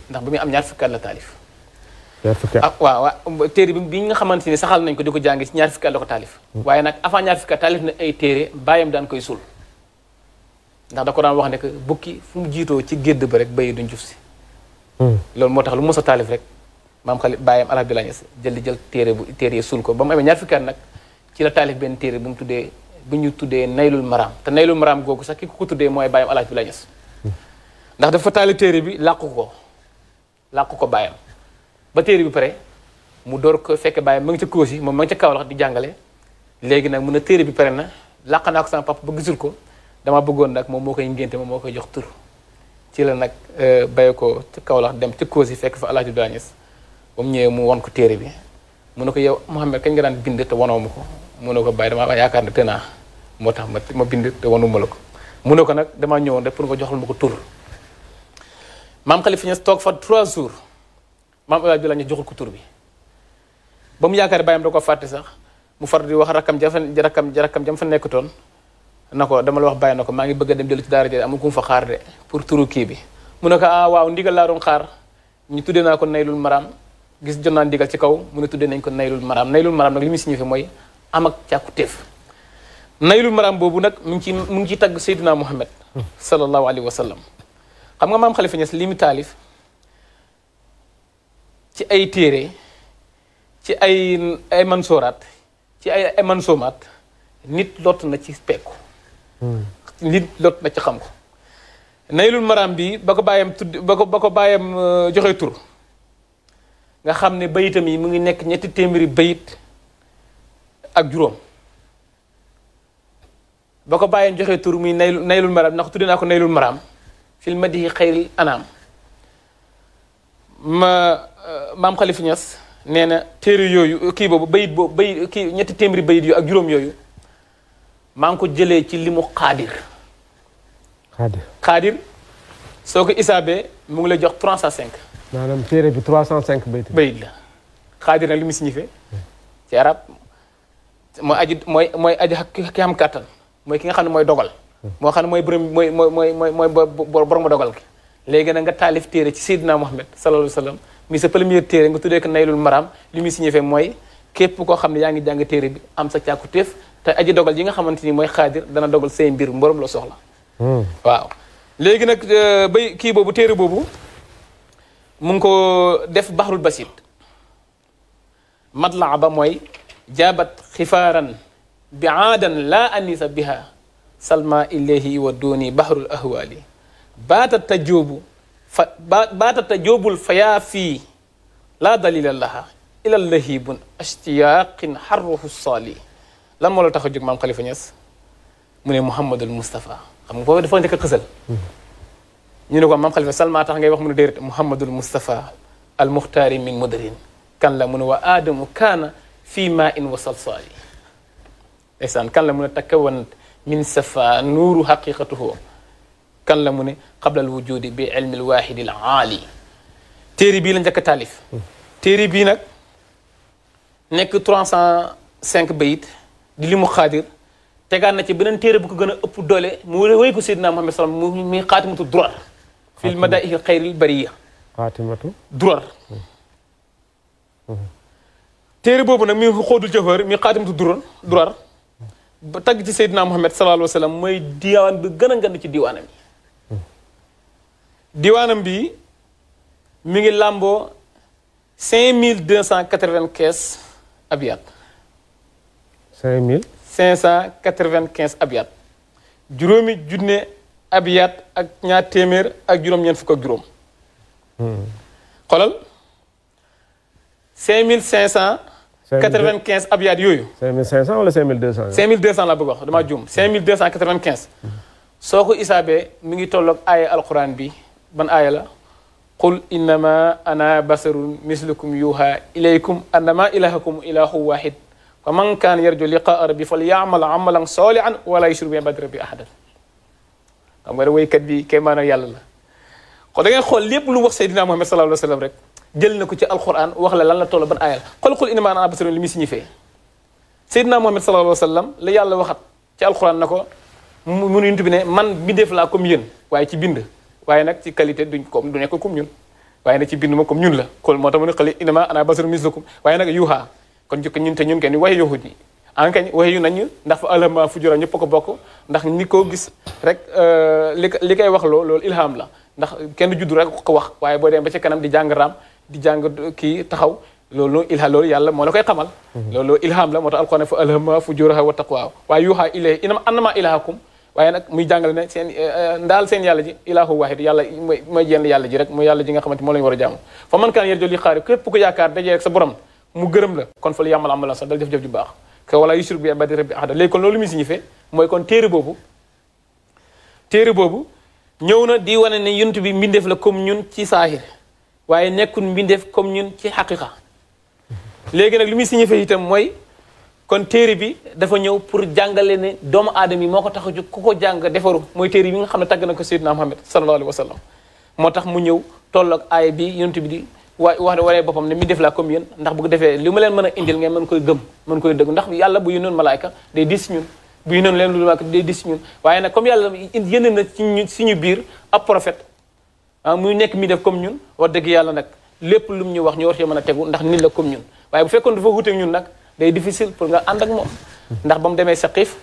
ndax bi muy am ñaar fukki la taalif ñaar fukki at waaw waaw téere bi bi nga xamante ni saxal nañ ko di ko jàngi ci ñaar fukki ko taalif mm. waaye nag avant ñaar fukki at taalif na ay téere bàyyam daan koy sul ndax da ko daan wax ne que bukki fu mu jiitoo ci gédd ba rek bayi duñ juf si mm. loolu moo tax lu mos a taalif rek maam xali bàyyam alhamdulilah ñes jël di jël téere bu téere yi sul ko ba mu amee ñaar fukki nag ci la taalif benn téere bu mu tuddee bu ñu tuddee naylul maraam te naylul maraam googu sax ki ko tuddee mooy bàyyam alhamdulilah ñes mm. ndax dafa téere bi làqu ko làkk ko baayam ba téere bi pare mu door ko fekk baayam ma ngi ca Koosi moom ma ngi ca di jàngale léegi nag mun a téere bi pare na làq naa ko sama papa ba gisul ko dama bëggoon nag moom moo koy ngénte moom moo koy jox tur ci la nag euh, baye ko ca Kaolack dem ca Koosi fekk fa Alaaji Daañes ba mu mu won ko téere bi mu ko yow Mouhamed kañ nga daan bind te wanoo ma ko mu ne ko bàyyi damaa yaakaar ne tënaa moo tax ma ma bind te wanuma la ko mu ne ko nag damaa ñëwoon rek pour nga joxal ma ko tur maam Khalifa Niass toog fa trois jours maam El Hadj Abdoulaye Niass joxul ko tur bi ba mu yaakaar bàyyam da ko fàtte sax mu far di wax rakkam ja fa rakkam ja rakkam jam fa nekkutoon na ko dama la wax bàyyi na ko maa ngi bëgg a dem dellu ci daara ji amul ku fa xaar de pour turu kii bi. mu ne ko ah waaw ndigal laa doon xaar ñu tuddee naa ko naylul maraam gis jot naa ndigal ci kaw mu ne tuddee nañ ko naylul maraam naylul maraam nag si muy signifié mooy am ak càkku teef naylul maraam boobu nag mu ngi ci mu ngi ciy tagg Seydina Muhammad sallallahu alayhi wa sallam xam nga maam Khalifa Niass li mu taalif ci ay téere ci ay ay mansooraat ci ay ay mansoomaat nit lot na ci pekku hmm. nit lot na ci xam ko naylul maraam bi ba ko bàyyam tudd ba ko bàyyam euh, joxe tur nga xam ne bayitam yi mu ngi nekk ñetti téeméeri bayit ak juróom ba ko bàyyam joxe tur muy naylul naylul maraam ndax tudde naa ko naylul maraam fil madihi xayril anaam ma euh, maam Khalifa Niass nee na téere yooyu kii boobu bayit boobu bayit kii ñetti téeméeri bayit yu ak juróom yooyu maa ngi ko jëlee ci limu xaadir xaadir soo ko isaabee mu ngi lay jox 305. maanaam téere bi 305 bayit. bayit la xaadir nag li mu signifié ci arab mooy aji mooy mooy aji ki xam kàttan mooy ki nga xam ne mooy dogal. moo xam ne mooy borom mooy mooy mooy mooy mooy borom dogal gi léegi nag nga taalif téere ci Seydina Mohamed sallallahu alayhi wa sallam mi sa première téere nga tuddee ko Naylul Maram li muy signifié mooy képp koo xam ne yaa ngi jàng téere bi am sa càkkutéef te aji dogal yi nga xamante ni mooy xaadir dana dogal say mbir borom la soxla hmm. waaw léegi nag euh, bay kii boobu téere boobu mu ngi ko def baxrul mat la ba mooy jaabat xifaaran bi aadan laa anisa biha salma ilayhi wa dooni baata tajoobu fa baata tajoobul fayaa fii laa dalila laha ila lahibun ashtiyaaqin xarruhu saali lan moo tax a jóg maam Khalifa Niass mu ne Mouhamadul Moustapha xam nga foofu dafa njëkk ne ko maam Khalifa salma ngay wax mu ne déedéet Mouhamadul Moustapha al muxtaari min mudarin kan la mu ne wa aadamu kaana fii maa wa salsaali kan la mu ne takkawan min safa nuuru xaqiqatuhu kan la mu ne qablal wujudi bi ilmi lwaahidi alaali téere bii la njëkk a taalif téere bii nag nekk 305 bayit di li mu xaadir tegaat na ci beneen téere bu ko gën a ëpp doole mu wéy ko Seydina Muhammad salaam mu muy xaatimatu durar fil madaahi xayril bariya xaatimatu durar téere boobu nag mi xoodul jawhar mi xaatimatu durar durar ba tagg ci Seydina Muhammad sallallahu alayhi wa mooy diwaan bi gën a ci diwaanam yi diwaanam bi mu ngi làmboo cinq mille deux cent quatre-vingt-quinze cent quatre-vingt-quinze juróomi junne abiyat ak ñaar téeméer ak juróom-ñeent fukk ak juróom hmm. xolal 95 abyaat yooyu. 5500 wala 5200. 5200 la bëgg wax damaa juum 5295. soo ko isaabee mi ngi tolloog aaya alquran bi ban aaya la. qul innama ana basarun mislukum yuha ilaykum annama ilahakum ilahu wahid wa man kaan yarju liqaa rabbi fal yaamal amalan saalihan wala yushrik bi ibadati rabbi ahadan xam nga ne waykat bi kéemaanoo yàlla la kon da ngeen xool lépp lu wax Seydina Muhammad sallallahu alayhi wa sallam rek. jël na ko ci alquran wax la lan la toll ban aaya la xol xul innamaa ana basarun li muy signifié Seydina Mohamed sallallahu alayhi wa sallam la yàlla waxat ci alquran na ko mu yuntu bi ne man bindeef laa comme yéen waaye ci bind waaye nag ci qualité duñ comme du nekk comme ñun waaye nag ci bind ma comme ñun la kon moo tax mu ne xali innamaa ana waaye nag yuuxaa kon jikko ñun te ñun kenn waxee yahud yi ah, en kañ waxee yu nañu ndax fa alhamaha fujuura ñëpp ko bokk ndax ni ko gis rek euh, li li koy wax loo loolu ilham la ndax kenn juddu rek ko wax waaye boo dem ba ci kanam di jàng di jàng kii taxaw loolu ilha loolu yàlla moo la koy xamal mhm. loolu ilham la moo tax alquran fa a fujuraha wa taqwa waaye yuuxa ilay inama annama ilahakum waaye nag muy jàngale ne seen eh, eh, ndaal seen yàlla ji ilahu wahid yàlla mooy jenn yàlla ji rek mooy yàlla ji nga xamante moo la ñu war a jaamu fa man kaan yërjo li xaari képp ku yaakaar dajee rek sa borom mu gërëm la kon fa lu yàmmal amalan sax dal def jëf ju baax que wala yusur bi ibadati rabbi ahada kon loolu muy signifié mooy boobu ñëw na di wane ne yunt bi mbindeef la comme ñun ci saahir waaye nekkul mbindeef comme ñun ci xaqiqa léegi nag li muy signifié itam mooy kon téere bi dafa ñëw pour jàngale ne doomu aadama yi moo ko tax a jóg ku ko jàng defaru mooy téere bi nga xam ne tàgg na ko Seydina Muhammad sallallahu alayhi wa sallam moo tax mu ñëw tolloog aaya bi yonent bi di wa wax ne waree boppam ne def laa comme yéen ndax bu ko defee li ma leen mën a indil ngeen mën koy gëm mën koy dëgg ndax yàlla bu yónnoon malaayka day dis ñun bu yónnoon leen lu malaayka day dis ñun waaye nag comme yàlla yënd na ci ñu suñu biir a prophète ah muy nekk mi def comme ñun wax dëgg yàlla nag lépp lu ñu wax ñu war cee mën a tegu ndax nit la comme ñun waaye bu fekkoon dafa wuuteeg nag day difficile pour nga ànd moom ndax ba mu demee Saqiif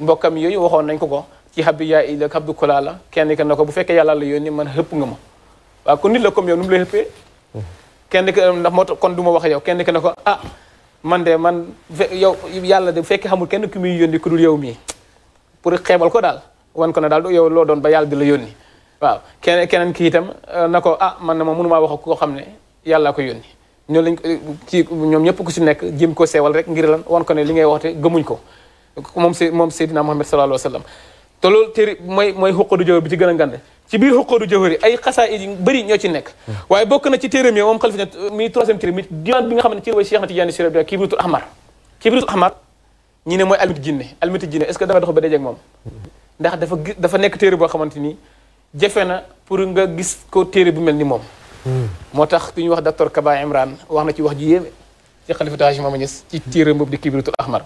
mbokkam yooyu waxoon nañ ko ko ci xabbi yaa ila xabdu kulaa la kenn ki na ko bu fekkee yàlla la yónni man xëpp nga ma waaw kon nit la comme mu lay kenn ki ndax moo tax kon du ma waxee yow kenn ki na ko ah man de man yow yàlla de bu fekkee xamul kenn ku muy yónni ku dul yow mii pour xeebal ko daal wan ko ne daal yow loo doon ba yàlla di la yónni waaw keneen keneen ki itam euh, na ko ah man na ma mënumaa wax ak koo xam ne yàllaa ko yónni ñoo lañ ci ñoom ñëpp ku si nekk jéem ko seewal rek ngir lan wan ko ne li ngay waxte gëmuñ ko moom s moom Seydina Muhammad sallallahu alayhi wa sallam te loolu téere mooy mooy xuqadu jawhar bi ci gën ci biir xuqadu jawhar yi ay xasaa yi bëri ñoo ci nekk hmm. waaye bokk na ci téere mi moom xalifa mi troisième téere mi diwaan bi nga xam ne ci way Cheikh Ahmad Tidiane Chérif bi Kibritul Ahmar Kibritul Ahmar ñi ne mooy almiti jinne almiti jinne est-ce que dafa dox ba dajeeg moom hmm. ndax dafa dafa nekk téere boo xamante nii jafe na pour nga gis ko téere bu mel ni moom. Hmm. moo tax ku ñuy wax docteur Kaba Imran wax na ci wax ji yéeme ci xalifatu Haji Mama Niass ci téere boobu di Kibritul Ahmar.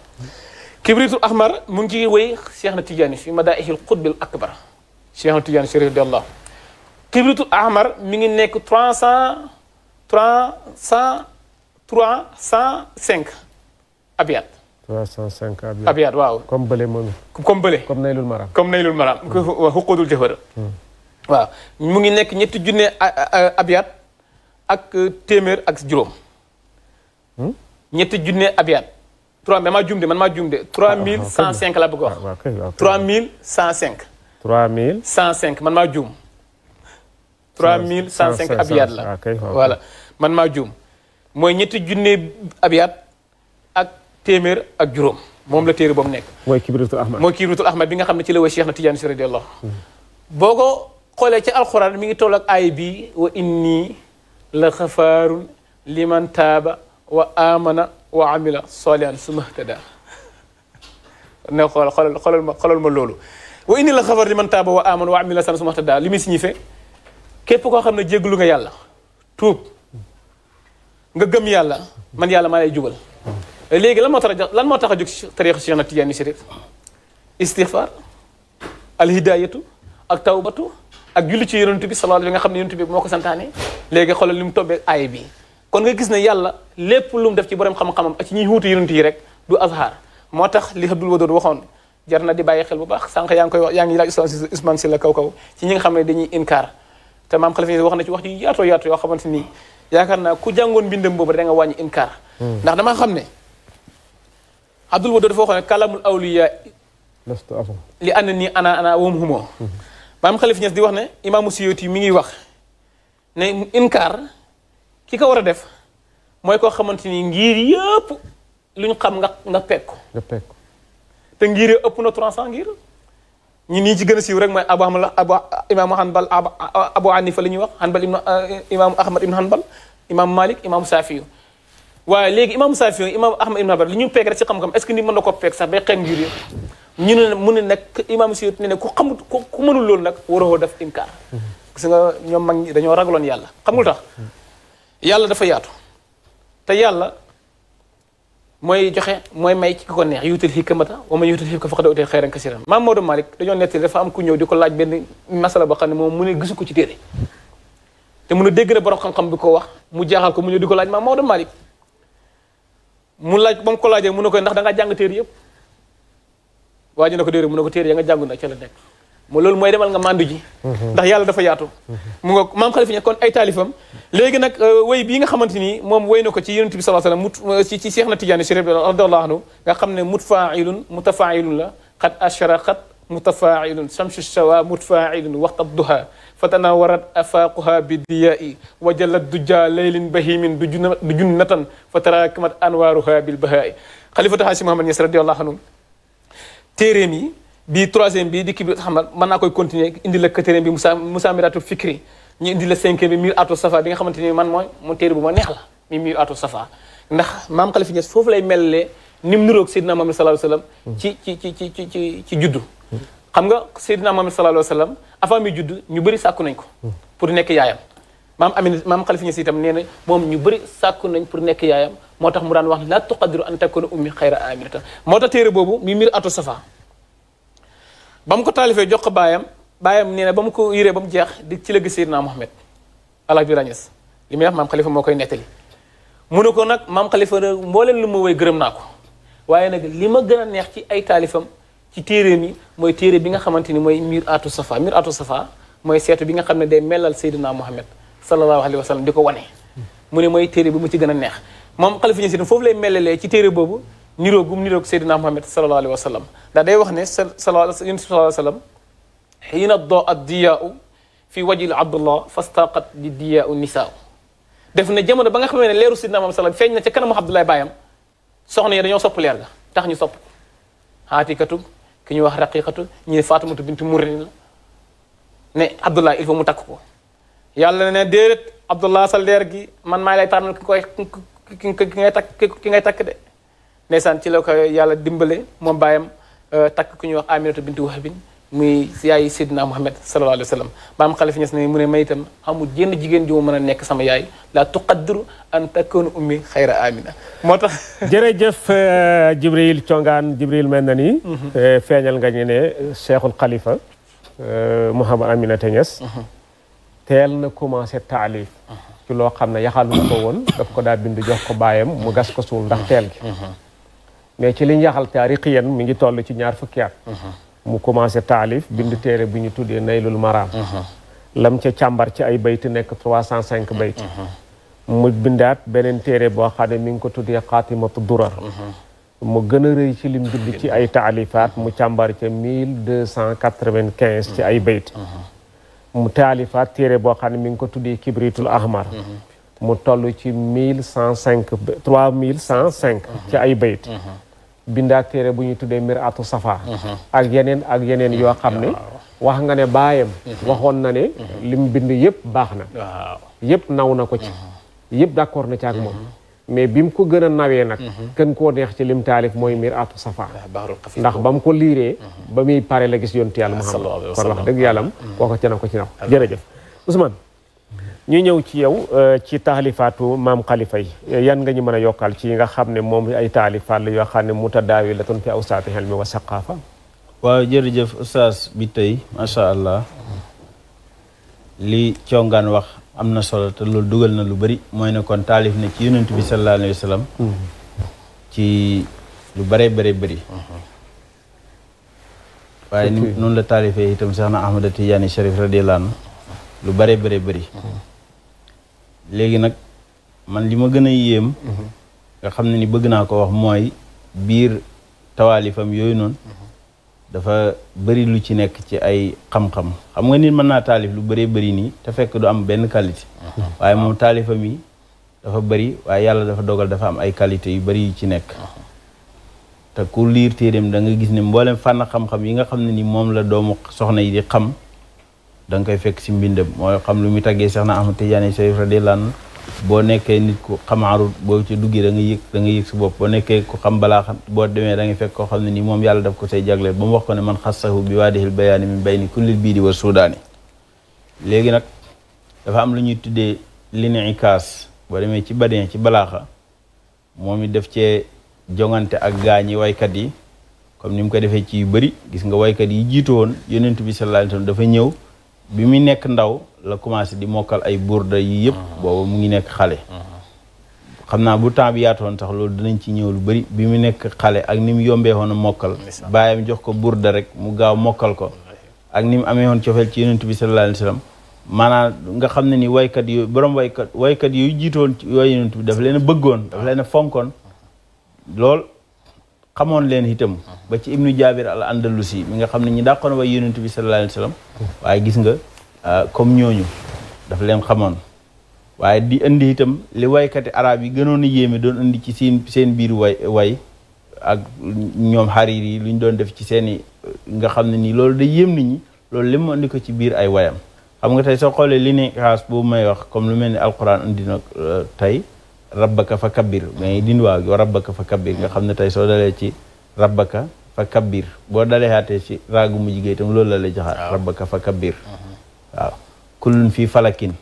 Kibritul Ahmar mu ngi ciy wéy Cheikh na Tidiane fi Madaihil Qutbil Akbar Cheikh na Tidiane Chérif radiyallahu Kibritul Ahmar mi ngi nekk trois cent trois cent trois cent cinq abiyat. trois cent cinq abiyat abiyat waaw. comme bële moom. comme bële. comme Naylul Maram. comme Naylul Maram. xuqudul hmm. jawhar hmm. waaw mu ngi nekk ñetti junne abiyat ak euh, téeméer ak juróom. Hmm? ñetti junne abiyat. 3 mais maa juum de man maa juum de. 3105 ah, ah, laa bëgg a wax. waaw 3105. 3105 man maa juum. 3105 abiyat la voilà man maa juum. mooy ñetti junne abiyat ak téeméer ak juróom moom la téere boobu nekk. mooy Kibritul Ahmad mooy Kibritul Ahmad bi nga xam ne ci la way Cheikh na Tidiane si radiyallahu hmm. boo ko xoolee ci alxuraan mi ngi toll ak aay bii wa inni la xafaarun liman taaba wa amana wa amila solihan summa htada ne xool xoolal ma xoolal ma loolu wa inni la xafaarun liman taaba wa amana wa amila solihan summa htada li muy signifié képp koo xam ne jéggalu nga yàlla tuub nga gëm yàlla man yàlla ma lay jubal léegi la moo tax lan moo tax a jóg tariixa Cheikh na Tidiane Chérif istighfar alhidayatu ak tawbatu ak julli ci yonent bi sallallahu alayhi wa sallam nga xam ne yonent bi moo ko santaane léegi xoolal li mu tombee aay bi kon nga gis ne yàlla lépp lu def ci borom xam-xamam ak ci ñuy wuutu yonent rek moo tax li Abdul Wadood waxoon jar na di bàyyi xel bu baax sànq yaa ngi koy wax yaa ngi laaj Ousmane Sylla kaw kaw ci ñi nga xam ne dañuy inkar te maam Khalifa Niass wax na ci wax ci yaatoo yaatu yoo xamante yaakaar naa ku jàngoon mbindam boobu da nga wàññi inkar hmm. ndax damaa xam ne Abdul Wadood dafa waxoon ne kalamul awliya li anna nii ana ana wam humo hmm. Maam Khalifa Niass di wax ne imaamu Suyuti mi ngi wax ne inkaar ki ko war a def mooy koo xamante ni ngir yëpp lu ñu xam nga nga pekku nga pekku te ngir ëpp na 300 ngir ñi nii ci gën a siiw rek mooy abu Hanbal abu imaamu Hanbal abu Hanifa la ñuy wax Hanbal eh, imaamu Ahmad ibn Hanbal imaamu Malik imaamu Saafiyu waaye léegi imaamu Saafiyu imaamu Ahmad ibn Hanbal li ñu pekk rek ci xam-xam est-ce que ni mën na ko pekk sax bay xeeb ngir yëpp ñu ne mu na nag imaam Suyuti ne ne ku xamut ku mënul loolu nag waroo def inkaar gis nga ñoom mag ñi dañoo ragaloon yàlla xamul tax yàlla dafa yaatu te yàlla mooy joxe mooy may ci ko neex yuutal hikmata wa man yuutal hikmata faqad utiya xayran kasiran maam Maodo Malick dañoo nettali dafa am ku ñëw di ko laaj benn masala boo xam ne moom mu ne gisu ko ci téere te mun a dégg na borom xam ko wax mu jaaxal ko mu di ko laaj maam Maodo Malick mu laaj ba ko laajee mun ne koy ndax da ngaa jàng yëpp waa ji na ko déedéet mu ne ko téere ya nga jàngu nag ca nekk mu loolu mooy demal nga mandu ji mhm. ndax yàlla dafa yaatu mu nga maam xalifa ñe kon ay taalifam léegi nag euh, way bii nga xamante ni moom way na ko ci yonent bi sallallahu alayhi wasallam mut euh, ci Seex na Tijaani Chérif nga xam ne mutfaa'ilun mutafaa'ilun la qad ashraqat mutafaa'ilun shamsu sawa mutfaa'ilun waqta duha fatanawarat afaaquha bi diyaai wa jallat dujaa laylin bahimin du junnatan fa taraakamat anwaaruha bil bahaai xalifatu Haasi Muhammad Ñas radiyallahu anhu téeréem yi bii troisième bi di kii bi xam mën naa koy continuer indi la quatrième bi Moussa Moussa Miratu Fikri ñu indi la cinquième bi Mur Ato Safa bi nga xamante ni man mooy mu téere bu ma neex la mi Mur Ato Safa ndax maam Khalifa Niass foofu lay melalee ni mu niroog Seydina Mohamed sallallahu alayhi wa sallam hmm. ci ci ci ci ci ci ci juddu xam nga Seydina Mohamed sallallahu alayhi wa sallam avant mi judd ñu bëri sàkku nañ ko hmm. pour nekk yaayam maam Amin maam Khalifa Niass itam nee na moom ñu bëri sàkku nañ pour nekk yaayam moo tax mu daan wax ne laa tuqadiru an takuna ummi xayra aminata moo tax téere boobu mi mir atu ko taalifee jox ko baayam baayam nee na ba mu ko yiree ba mu jeex di ci la gis Seydina Mohamed alaaj bi li muy wax maam Khalifa moo koy nettali mu ne ko nag maam Khalifa nag mbooleen lu ma woy gërëm naa ko waaye nag li ma gën a neex ci ay taalifam ci téeréem yi mooy téere bi nga xamante ni mooy miir atu safa miir atu safa mooy seetu bi nga xam ne day melal Seydina Mohamed sallallahu alayhi wa sallam di ko wane mu ne mooy téere bi mu ci gën a neex moom xalifa ñi si foofu lay melalee ci téere boobu niroog gum niroog Seydina Muhammad sallallahu alayhi wa sallam ndax day wax ne sallallahu alayhi wa sallam xiina doo ad diyaau fi wajil abdullah fastaqat di diyaau nisaa def na jamono ba nga xamee ne leeru Seydina Muhammad sallam feeñ na ca kanamu Abdoulaye baayam soxna yi dañoo sopp leer ga tax ñu sopp xaatikatu ki ñu wax raqiqatu ñu ne Faatumatu bintu mu la ne Abdoulaye il faut mu takk ko yàlla ne déedéet abdullah sa leer gi man maa lay tànnal ki koy ki ki ngay takk ki ngay takk de ndeysaan ci la ko yàlla dimbale moom baayam euh, takk ku ñuy wax aminata bintu wahbin muy yaay Seydina Muhammad sallallahu alayhi wa sallam maam Khalifa Niass ne mu ne may amul jenn jigéen ju ma mën a nekk sama yaay la tuqaddiru an takkoon ummi xayra amina moo tax. [laughs] jërëjëf euh, Jibril Congaan Jibril mel na ni. Mhm. Euh, feeñal nga ñu ne Cheikhul Khalifa teel na commencé taalif ci loo xam ne yaxalu ko woon daf ko daa bind jox ko baayam mu gas ko suul ndax teel gi mais ci liñ yaxal taarixiyan mi ngi toll ci ñaar fukki at mu commencé taalif bind téere bi ñu tuddee naylul maraam lam ca càmbar ci ay bayt nekk trois cent cinq bayt mu bindaat beneen téere boo xam mi ngi ko tuddee xaatimatu durar mu gën a rëy ci lim bind ci ay taalifaat mu càmbar ca mille deux cent quatre-vingt-quinze ci ay bayt mu taalifa téere boo xam ne mu ngi ko tuddee kibritul ahmar mu toll ci mille cent cinq trois mille cent cinq ci ay bayit bindaak téere bu ñuy tuddee mir atu safa ak yeneen ak yeneen yoo xam ne wax nga ne baayam waxoon na ne mhm. lim bind yëpp baax na yëpp naw na ko ci mhm. yëpp d'accord na ci ak moom mhm. mais bi mu ko gën a nawee nag gën mhm. koo neex ci lim taalif mooy miir miratu safa ah, ndax ba mu ko liiree mhm. ba muy pare la gis yontu yàlla ah, Muhammad kon wax dëgg yàllam mhm. koo ko ci ko ci na ko jërëjëf Ousmane ñëw ci yow euh, ci taalifaatu maam xalifa yi yan nga ñu mën a yokkal ci nga xam ne moom ay taalifaat la yoo xam ne mutadaawi la toon aw awsaati xel mi wa saqaafa waaw jërëjëf oustaz bi tey macha allah li congaan wax am na solo te loolu dugal na lu bari mooy ne kon taalif na ci yonent bi sallallahu alayhi mm-hmm. ci lu bare bare bari mm-hmm. waaye ni noonu la taalifee itam sax na Ahmada Tijaani Sharif radiyallahu anhu lu bare bare bari mm-hmm. léegi nag man li ma gën a yéem nga xam ne ni bëgg naa ko wax mooy biir tawaalifam yooyu noonu dafa bari lu ci nekk ci ay xam-xam xam nga nit mën naa taalif lu bëree bari nii te fekk du am benn qualité uh-huh. waaye moom taalifa mi dafa bari waaye yàlla dafa dogal dafa am ay qualité yu bari yu ci nekk uh-huh. te ku liir téeréem da nga gis ne mboolem fànn xam-xam yi nga xam ne ni moom la doomu soxna yi di xam da koy fekk si mbindam mooy xam lu muy taggee Seexna Ahmad Tijaani Sharif radiyallaahu anhu boo nekkee nit ku xamaarut boo ci duggee da nga yëg da nga yëg si bopp boo nekkee ko xam balaa xam boo demee da nga fekk koo xam ne nii moom yàlla daf ko say jagleel ba mu wax ko ne man xassahu bi waadihil bayaani bay bayni kullil bii di war suudaani léegi nag dafa am lu ñuy tuddee lini kaas boo demee ci badin ci balaaxa moom it def cee jongante ak gaañi waykat yi comme ni mu ko defee ci yu bëri gis nga waykat yi jiitoo woon yonent bi sallallahu alayhi wa sallam dafa ñëw bi muy nekk ndaw la commencé di mokkal ay burda yi yëpp uh-huh. booba mu ngi nekk xale uh-huh. xam naa bu temps bi yaatoon sax loolu dinañ ci ñëw lu bari bi mu nekk xale ak ni mu yombee woon a mokkal baayam jox ko burda rek mu gaaw mokkal ko ak ni mu amee woon cofeel ci yonent bi sallallahu alayhi wa nga xam ne ni waykat yooyu borom waykat waykat yooyu jiitoon ci yooyu yonent dafa leen a bëggoon dafa leen a fonkoon lool xamoon leen itam ba ci ibnu jaabir al andalusi mi nga xam ne ñi dàqoon way yonent bi sallallahu alayhi wa waaye gis nga ah, comme ñooñu daf leen xamoon waaye di indi itam li waykati arab yi gënoon a yéeme doon indi ci seen seen biir way way ak ñoom xariir yi lu ñu doon def ci seeni nga xam ne nii loolu day yéem nit ñi loolu lim mu indi ko ci biir ay wayam xam nga tey soo xoolee li ne xaas boobu may wax comme lu mel ni alquran indi na ah, tey rabbaka fa kabbir mais din waaw gi wa rabbaka fa nga xam ne tey soo dalee ci rabbaka fa kabbir boo dalee xaatee ci raagu mu jigéen loolu la lay joxaat rabbaka fa kabbir mhm. waaw kullun fii falakin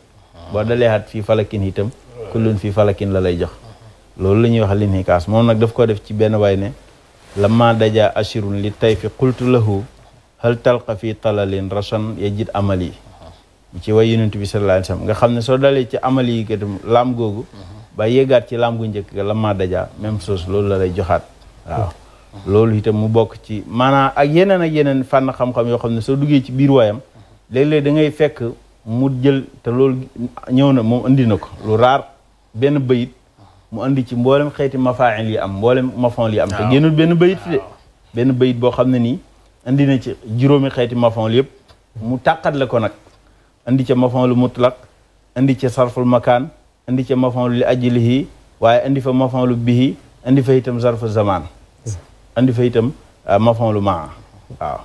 boo dalee xaat fii falakin itam kullun fii falakin la lay jox mhm. loolu la ñuy wax linikaas moom nag daf ko def ci benn waay ne lamma daja ashirun li tey fi qultu lahu hal talqa fi talalin rasan yajid amali mhm. ci way yonent bi sallallahu nga xam ne soo dalee ci amali yi itam laam googu ba yéegaat ci lam gu njëkk la ma daja même chose loolu la lay joxaat waaw oh. loolu itam mu bokk ci maanaam ak yeneen ak yeneen fànn xam-xam yoo xam ne soo duggee ci biir waayam léeg-léeg da fekk mu jël te loolu ñëw na moom indi na ko lu raar benn bayit mu indi ci mboolem xeeti mafaa'il yi am mboolem mafoon yi am te génnul benn bayit de benn bayit boo xam ne nii indi na ci juróomi xeeti mafoon yëpp mu tàqat la ko nag indi ca mafoon lu mutlaq indi ca sarful makaan indi ca mafanlu li ajlihi waaye indi fa mafanlu bihi indi fa itam zarfu zaman indi fa itam ah, mafanlu maa waaw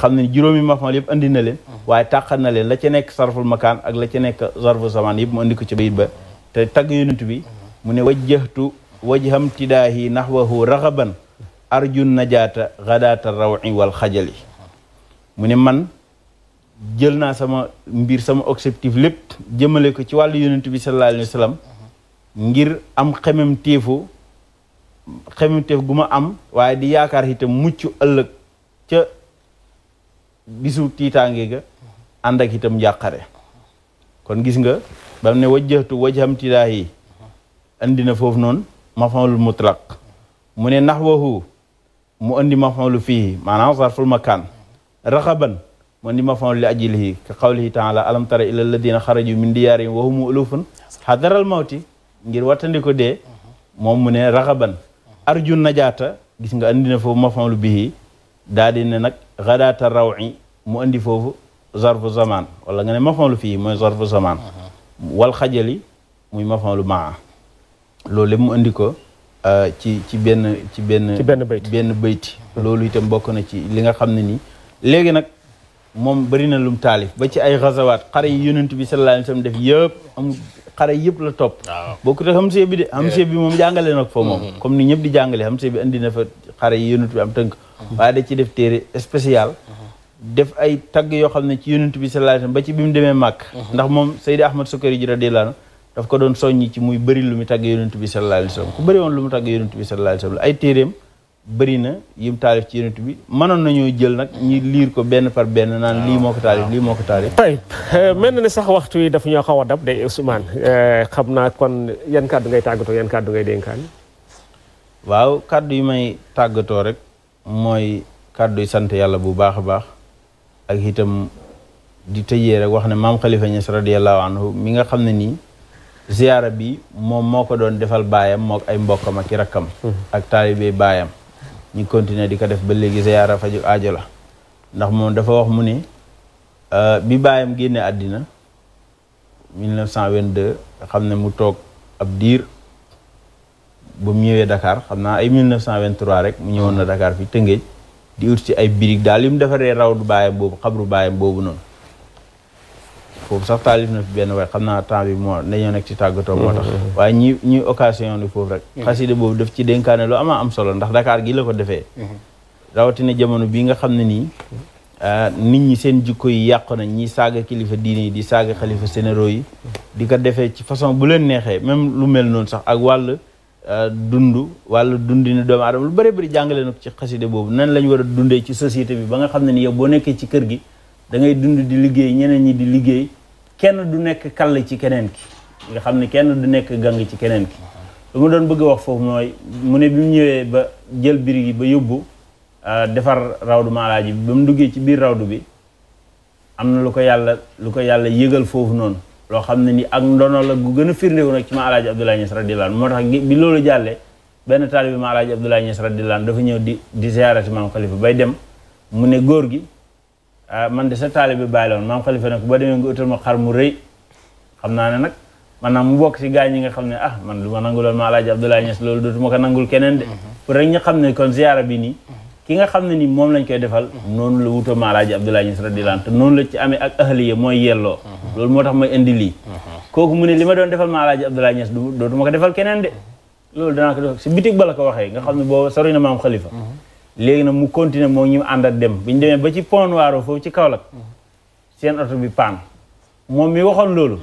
xam ne juróomi mafanlu yëpp indi na leen waaye tàqal na leen la ca nekk sarful makaan ak la ca nekk zarfu zaman yëpp mu indi ko ci bayit ba te tagg yonent bi mu ne wajjahtu wajham tidaahi nahwahu raxaban arjun najaata gadaata rawi wal xajali mu ne man jël naa sama mbir sama objectif lépp jëmale ko ci wàllu yonent bi sallallahu alayhi ngir am xemem téefu xemem téef gu ma am waaye di yaakaar itam mucc ëllëg ca bisu tiitaange ga ànd ak itam kon gis nga bam ne wajjahtu wajhamtilaa yi andi na foofu noonu maf'ulul mutlaq mu ne naxwahu mu andi maf'ulu fii maanaam sarful makaan raxaban man di mafaul li ajlihi ka qawlihi taala alam tara ila xaraju min diyaarihim wa hum ulufun xadaral mawti ngir wattandiko de moom mu ne raxaban arju najaata gis nga andi na foofu mafaul bihi daa di ne nag xadaata rawi mu andi foofu zarfu zaman wala nga ne mafaul fii mooy zarfu zaman wal xajali muy mafaul maa loolu mu andi euh, ci benn ci benn benn bayti loolu itam bokk na ci li nga xam ne nii léegi nag moom bëri na lum taalif ba ci ay xasawaat xare yi yonent bi sallallahu alayhi wa def yëpp am xare yëpp la topp bokku te xamsiya bi de xamsiya bi moom jàngale nag fa moom mm-hmm. comme ni ñëpp di jàngale xamsiya bi andi na fa xare yi yonent am tënk mm-hmm. waaye da ci def téere spécial mm-hmm. def ay tagg yoo xam ne ci yonent bi sallallahu alayhi ba ci bi mu demee màkk ndax moom Seydi Ahmad Sukari ji daf ko doon soññi ci muy bari lu mu tagg yonent bi sallallahu alayhi wa sallam woon lu mu tagg yonent bi sallallahu alayhi wa sallam ay téeréem bëri na yim taalif ci yonent bi mënoon nañoo jël nag ñi liir ko benn par benn naan lii moo ko taalif lii moo ko taalif. tayib euh, mel na ni sax waxtu yi dafa ñoo xaw a dab day Ousmane euh, xam naa kon yan kàddu ngay tàggatoo yan kàddu ngay dénkaan. waaw kàddu yi may tàggatoo rek mooy kàddu yi sant yàlla bu baax a baax ak itam di tëjee rek wax ne maam Khalifa Niass radiyallahu anhu mi nga xam ne nii. ziyaara bi moom moo ko doon defal baayam mook ay mbokkam ak i rakkam. Mm-hmm. ak taalibe baayam. ñu continuer di ko def ba léegi a faju aajo la ndax moom dafa wax mu ni euh, bi baayam génne àddina cent 1922 xam ne mu toog ab diir ba mu ñëwee dakaar xam naa ay 1923 rek mu ñëwoon na Dakar fi Tëngéej di ut si ay birig daal yu mu defaree rawdu baayam boobu xabru baayam boobu noonu foofu sax taalif na fi benn waaye xam naa temps bi moo dañoo nekk ci tàggatoo moo tax mm-hmm. waaye ñi ñuy occasion ni foofu rek mm-hmm. xasida boobu def ci dénkaane lu ama am solo ndax Dakar gi la ko defee mm-hmm. rawatina jamono bii nga xam ne nii ah, nit ñi seen jikko yi yàqu nañ ñi saaga kilifa diine yi di saaga xalifa sénéraux yi di ko defee ci façon bu leen neexee même lu mel noonu sax ak wàll ah, dund wàllu dundinu doomu aadama lu bëri bëri jàngale na ko ci xaside boobu nan lañ war dundee ci société bi nga xam ne ni yow boo nekkee ci kër gi da ngay dund di liggéey ñeneen ñi di liggéey kenn du nekk kall ci keneen ki nga xam ne kenn du nekk gang ci keneen ki lu ma doon bëgg a wax foofu mooy mu ne bi mu ñëwee ba jël birig yi ba yóbbu euh, defar rawdu maalaaji bi ba mu duggee ci biir rawdu bi am na lu ko yàlla lu ko yàlla yëgal foofu noonu loo xam ne ni ak ndono la gu gën a firndewu nag ci maalaaji Abdoulaye Niass radiyallahu moo tax bi loolu jàllee benn taalibi maalaaji Abdoulaye Niass radiyallahu dafa ñëw di di ziyaarati maam Khalifa bay dem mu ne góor gi ah man de sa taalibe bi bàyyi la woon maam xalifa nag boo demee nga utal ma xar mu rëy xam naa ne nag maanaam mu bokk ci gaañ yi nga xam ne ah man lu ma nangu loolu ma alaaji Abdoulaye Niass loolu dootuma ko nangul keneen de mhm. pour rek ñu xam ne kon ziyaara bi nii mhm. ki nga xam ne ni moom lañ koy defal mhm. noonu la wutoo ma alaaji Abdoulaye Niass radiyallaahu te noonu la ci amee ak ahliya mooy yelloo loolu moo tax may indi lii kooku mu ne li ma doon defal ma alaaji Abdoulaye Niass dootuma ko defal keneen de loolu danaa ko def ci bitig ba la ko waxee nga xam ne boo sori na maam xalifa léegi nag mu continuer moo ñu a dem bi ñu demee ba ci pont Noiraux foofu ci Kaolack seen oto bi paan moom mi waxoon loolu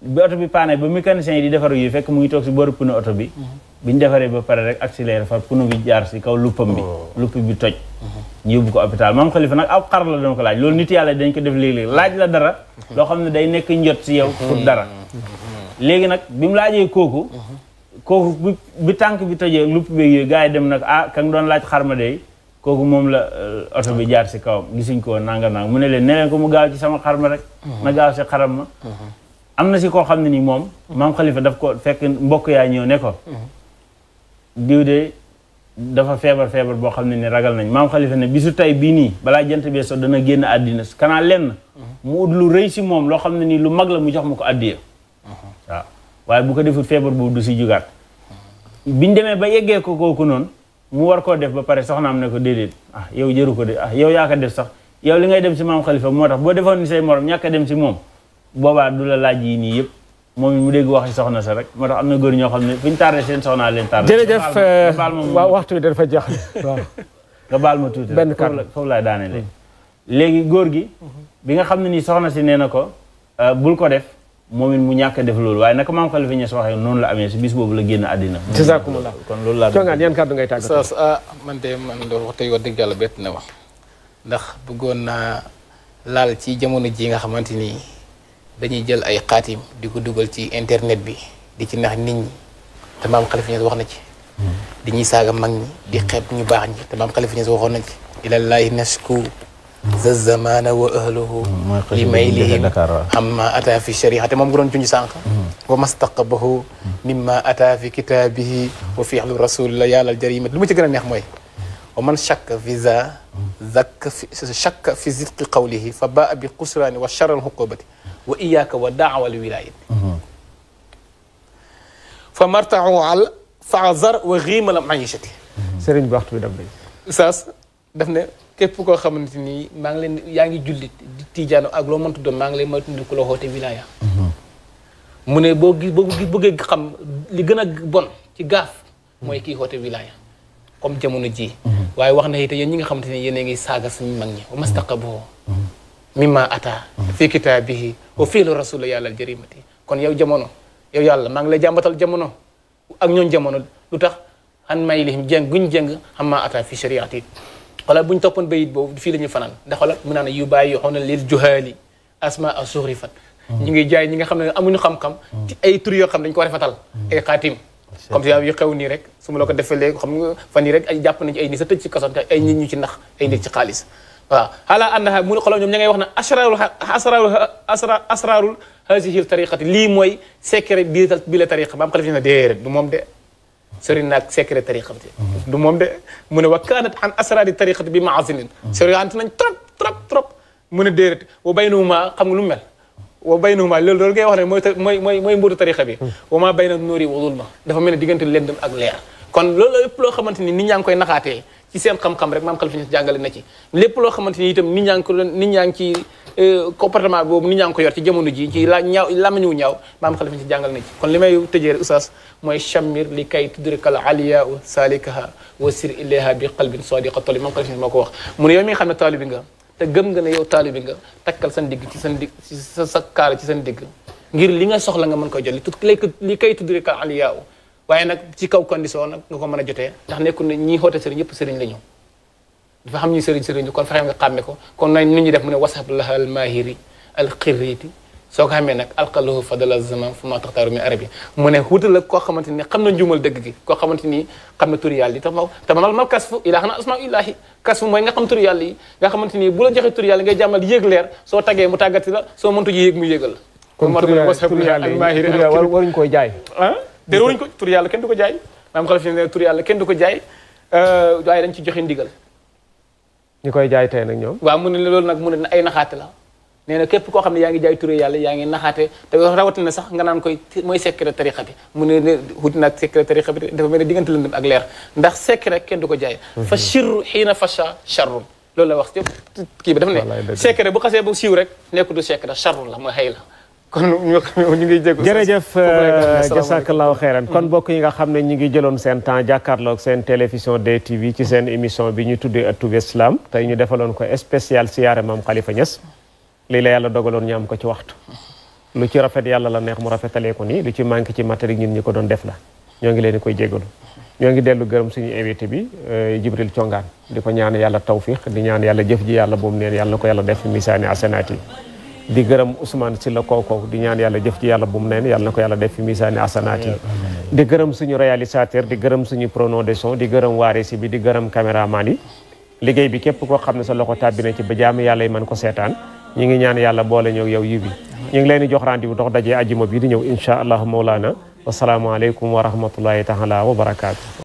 bi oto bi paanee ba mécanicien yi di defar yu fekk mu ngi toog si booru pneu oto bi bi ñu defaree ba pare rek accéléré fa pneu bi jaar si kaw luppam bi oh. lupp bi toj mhm. ñu yóbbu ko hôpital maam xalifa nag ab xar la doon ko laaj loolu nit yàlla dañ ko def léeg-léeg laaj la dara loo xam ne day nekk njot si yow pour dara mhm. léegi kooku bi tànk bi tojee lupp beeg yooyu gars yi dem nag ah ka doon laaj xarma dey kooku moom la euh, oto bi jaar si kawam gisuñ ko nangam nangam mu ne leen ne ko mu gaaw ci sama xarma rek. Mhm. na gaaw si xaram ma. Mhm. am na si koo xam ne nii moom. Mhm. maam Khalifa daf ko fekk mbokk yaa ñëw ne ko. diw de dafa feebar feebar boo xam ne ni ragal nañ maam Khalifa ne bisu tey bii nii balaa jant bee so dana génn àddina kanaa lenn. mu ut lu rëy si moom loo xam ne nii lu mag la mu jox ma ko àddiya waaw. waaye bu ko deful feebar boobu du si jugaat biñ demee ba yeggee ko kooku noonu mu war koo def ba pare soxnaam ne ko déedéet ah yow jëru ko de ah yow yaa ko def sax yow li ngay dem si maam xalifa moo tax boo defoon ni say morom ñakk dem si moom boobaa du la laaj yi nii yëpp moom mu dégg waxi soxna sa rek moo tax am na góor ñoo xam ne fi ñu tardé seen soxnaa leen tardé. jërëjëf waaw euh, waxtu bi dafa jeex waaw. nga baal ma tuuti benn kàddu foofu laay daane léegi góor gi. bi nga xam ne nii soxna si nee na ko euh, bul ko def. moom it mu ñàkk a def loolu waaye naka maam Khalifa Niass waxee noonu la amee si bis boobu la génn àddina. kon loolu laa doon yan kàddu Saas ah man de man loolu wax tey wax dëgg yàlla bett na wax ndax bëggoon naa laal ci jamono ji nga xamante ni dañuy jël ay xaatim di ko dugal ci internet bi di ci nax nit ñi te maam Khalifa wax na ci. Hmm. di ñuy saaga mag ñi di xeeb ñu baax ñi te maam Khalifa Niass waxoon na ci. ilallaahi nasku za zamana wa ahluhu mm, li maylihim amma ata fi shari'ati moom nga doon junj sànq mm. wa mastaqabahu mimma ata fi kitaabihi wa fi ahlu rasulillah yàlla jarimat lu ma ci gën a neex mooy wa man shakka fi za zakka fi shakka fi sidqi qawlihi fa baa bi xusraani wa charr alxuqubati wa iyaaka wa daawa alwilaayati mm-hmm. fa martahu al faazar wa xiimal maishati mm-hmm. sëriñ bi waxtu bi daf day saas daf ne képp koo xamante ni maa ngi leen yaa ngi jullit di ak loo mënta doon maa ngi lay moytundi ku la xoote wilaya mm-hmm. mu ne boo boo bëggee xam li gën a bon ci gaaf mooy mm-hmm. kii xoote wilaya comme jamono ji mm-hmm. waaye wax na it yéen ñi nga xamante ni yéen a ngi saaga suñu mag ñi wa mastaqaboo mimma ata fi kitaabihi wa fiilu rasula yàlla jarimati kon yow jamono yow yàlla maa ngi lay jàmbatal jamono ak ñooñ jamono lu tax an may lihim jéng guñ jéng xam maa ata fi shariati xoolal bu ñu toppoon bayit boobu fi la ñuy fanaan ndax xoolal mu naan yu bàyyi xoona lil juhaali asma a suxrifan hmm. ñu ngi jaay ñi nga xam ne amuñu xam-xam hmm. ci ay tur yoo xam dañu ko refatal hmm. ay xaatim comme ça yu xew nii rek su ma la ko defee léegi xam nga fan yii rek jàpp nañu ay nit ci kasoon te ay nit ñu ci nax ay nit ci xaalis waaw xaala àndaxa mu xoolal ñoom ña ngay wax na asrarul asrarul asra asrarul hazihi tariqati lii mooy secret bi bi la tariqa maam xalifa na déedéet du moom de sori naag secret tariqati du moom de mu ne wa kaanat an asraari tariqati bi maasinin sori ant nañ trop trop trop mu ne déedéet wa baynahuma xam nga lu mel wa baynahuma loolu loolu ngay wax ne mooy mooy mooy mooy mbuutu tariqa bi wa maa bayna nuuri wa zulma dafa mel ne diggante lëndëm ak leer kon loolu lépp loo xamante ni nit ñaa ngi koy naxaatee ci seen xam-xam rek maam Khalifa Niass jàngale na ci lépp loo xamante ni itam nit ñaa ngi ko nit ñaa ngi ci euh, comportement boobu nit ñaa ko yor ci jamono ji ci la ñaaw lamañ wu ñaaw maam Khalifa Niass jàngale na ci kon li may tëjee rek oustaz mooy chammir li kay tudrikal aliya salikaha wa sir ilayha bi qalbin sadiqa toli maam Khalifa Niass moo ko wax mu ne yow mi nga xam ne taalibi nga te gëm nga ne yow taalibi nga takkal seen digg ci seen digg ci sa sa kaala ci seen digg ngir li nga soxla nga mën koy jot li tut li kay tudrikal aliya waaye nag ci kaw condition nag nga ko mën a jotee ndax nekkul ne ñi xoote sëriñ yëpp sëriñ la ñu dafa xam ñuy sëriñ sëriñ kon fexe nga xàmme ko kon nañ nu ñuy def mu ne wasab laha al mahiri al xiriti soo ko xamee nag alqalahu fadala zaman fu ma taxtaaru min arabi mu ne wutal la koo xamante ni xam na njuumal dëgg gi koo xamante ni xam na turi yàlla yi tax ma tamal mal kasfu ilaa xanaa asmaa illaahi kasfu mooy nga xam turi yàlla yi nga xamante ni bu la joxee turi yàlla ngay jàmmal yéeg leer soo tagee mu tàggati la soo mëntu yéeg mu yéegal la kon turi yàlla yi waruñ koy jaay ah teréwuñu ko tur yàlla kenn du ko jaay maam kenn du ko jaay euh, waaye dañ ci joxe ndigal ñi koy jaay tey nag ñoom waaw mu ne loolu nag mu ne ay naxaate la nee na képp koo xam ne yaa ngi jaay turé yàlla yaa ngi naxaate te rawatina sax nga naan koy mooy secret tarixa bi mu ne ne wuti naag secret tarixa dafa mel ne diggante lëndëm ak leer ndax secret kenn du ko jaay mhm. fa shirru xiina fasha sharrun loolu la wax yëpp kii bi dafa ne secret bu xasee bu siiw rek nekku du secret sharrun la mooy xëy la kon ñu ngi jégalu jërëjëf euh, jasakallahu xeyran kon mm-hmm. mbokk yi nga xam ne ñu ngi jëloon seen temps jàkkaarloog seen télévision DTV ci seen émission bi ñu tuddee ëttub islam tey ñu defaloon ko spécial siyaare maam Khalifa Niass lii la yàlla dogaloon ñu am ko ci waxtu lu ci rafet yàlla la neex mu rafetalee ko nii lu ci manqué ci matériel ñun ñi ko doon def la ñoo ngi leen di koy jégalu ñoo ngi dellu gërëm suñu invité bi euh, Jibril Congaan di ko ñaan yàlla tawfiq di ñaan yàlla jëf ji yàlla boobu neen yàlla ko yàlla def misaani asanaat yi di gërëm Ousmane si la kookoo di ñaan yàlla jëf ci yàlla bu mu neen yàlla na ko yàlla def fi misaani asanaat yi di gërëm suñu réalisateur di gërëm suñu preneur de son di gërëm waare si bi di gërëm caméraman yi liggéey bi képp koo xam ne sa loxo tàbbi na ci ba jaamu yàlla yi mën ko seetaan ñi ngi ñaan yàlla boole ñëw yi bi ñu ngi leen di jox rendez-vous dox dajee ajuma bi di ñëw insha allahu maulana wasalaamualeykum wa rahmatullahi taala wa barakaatu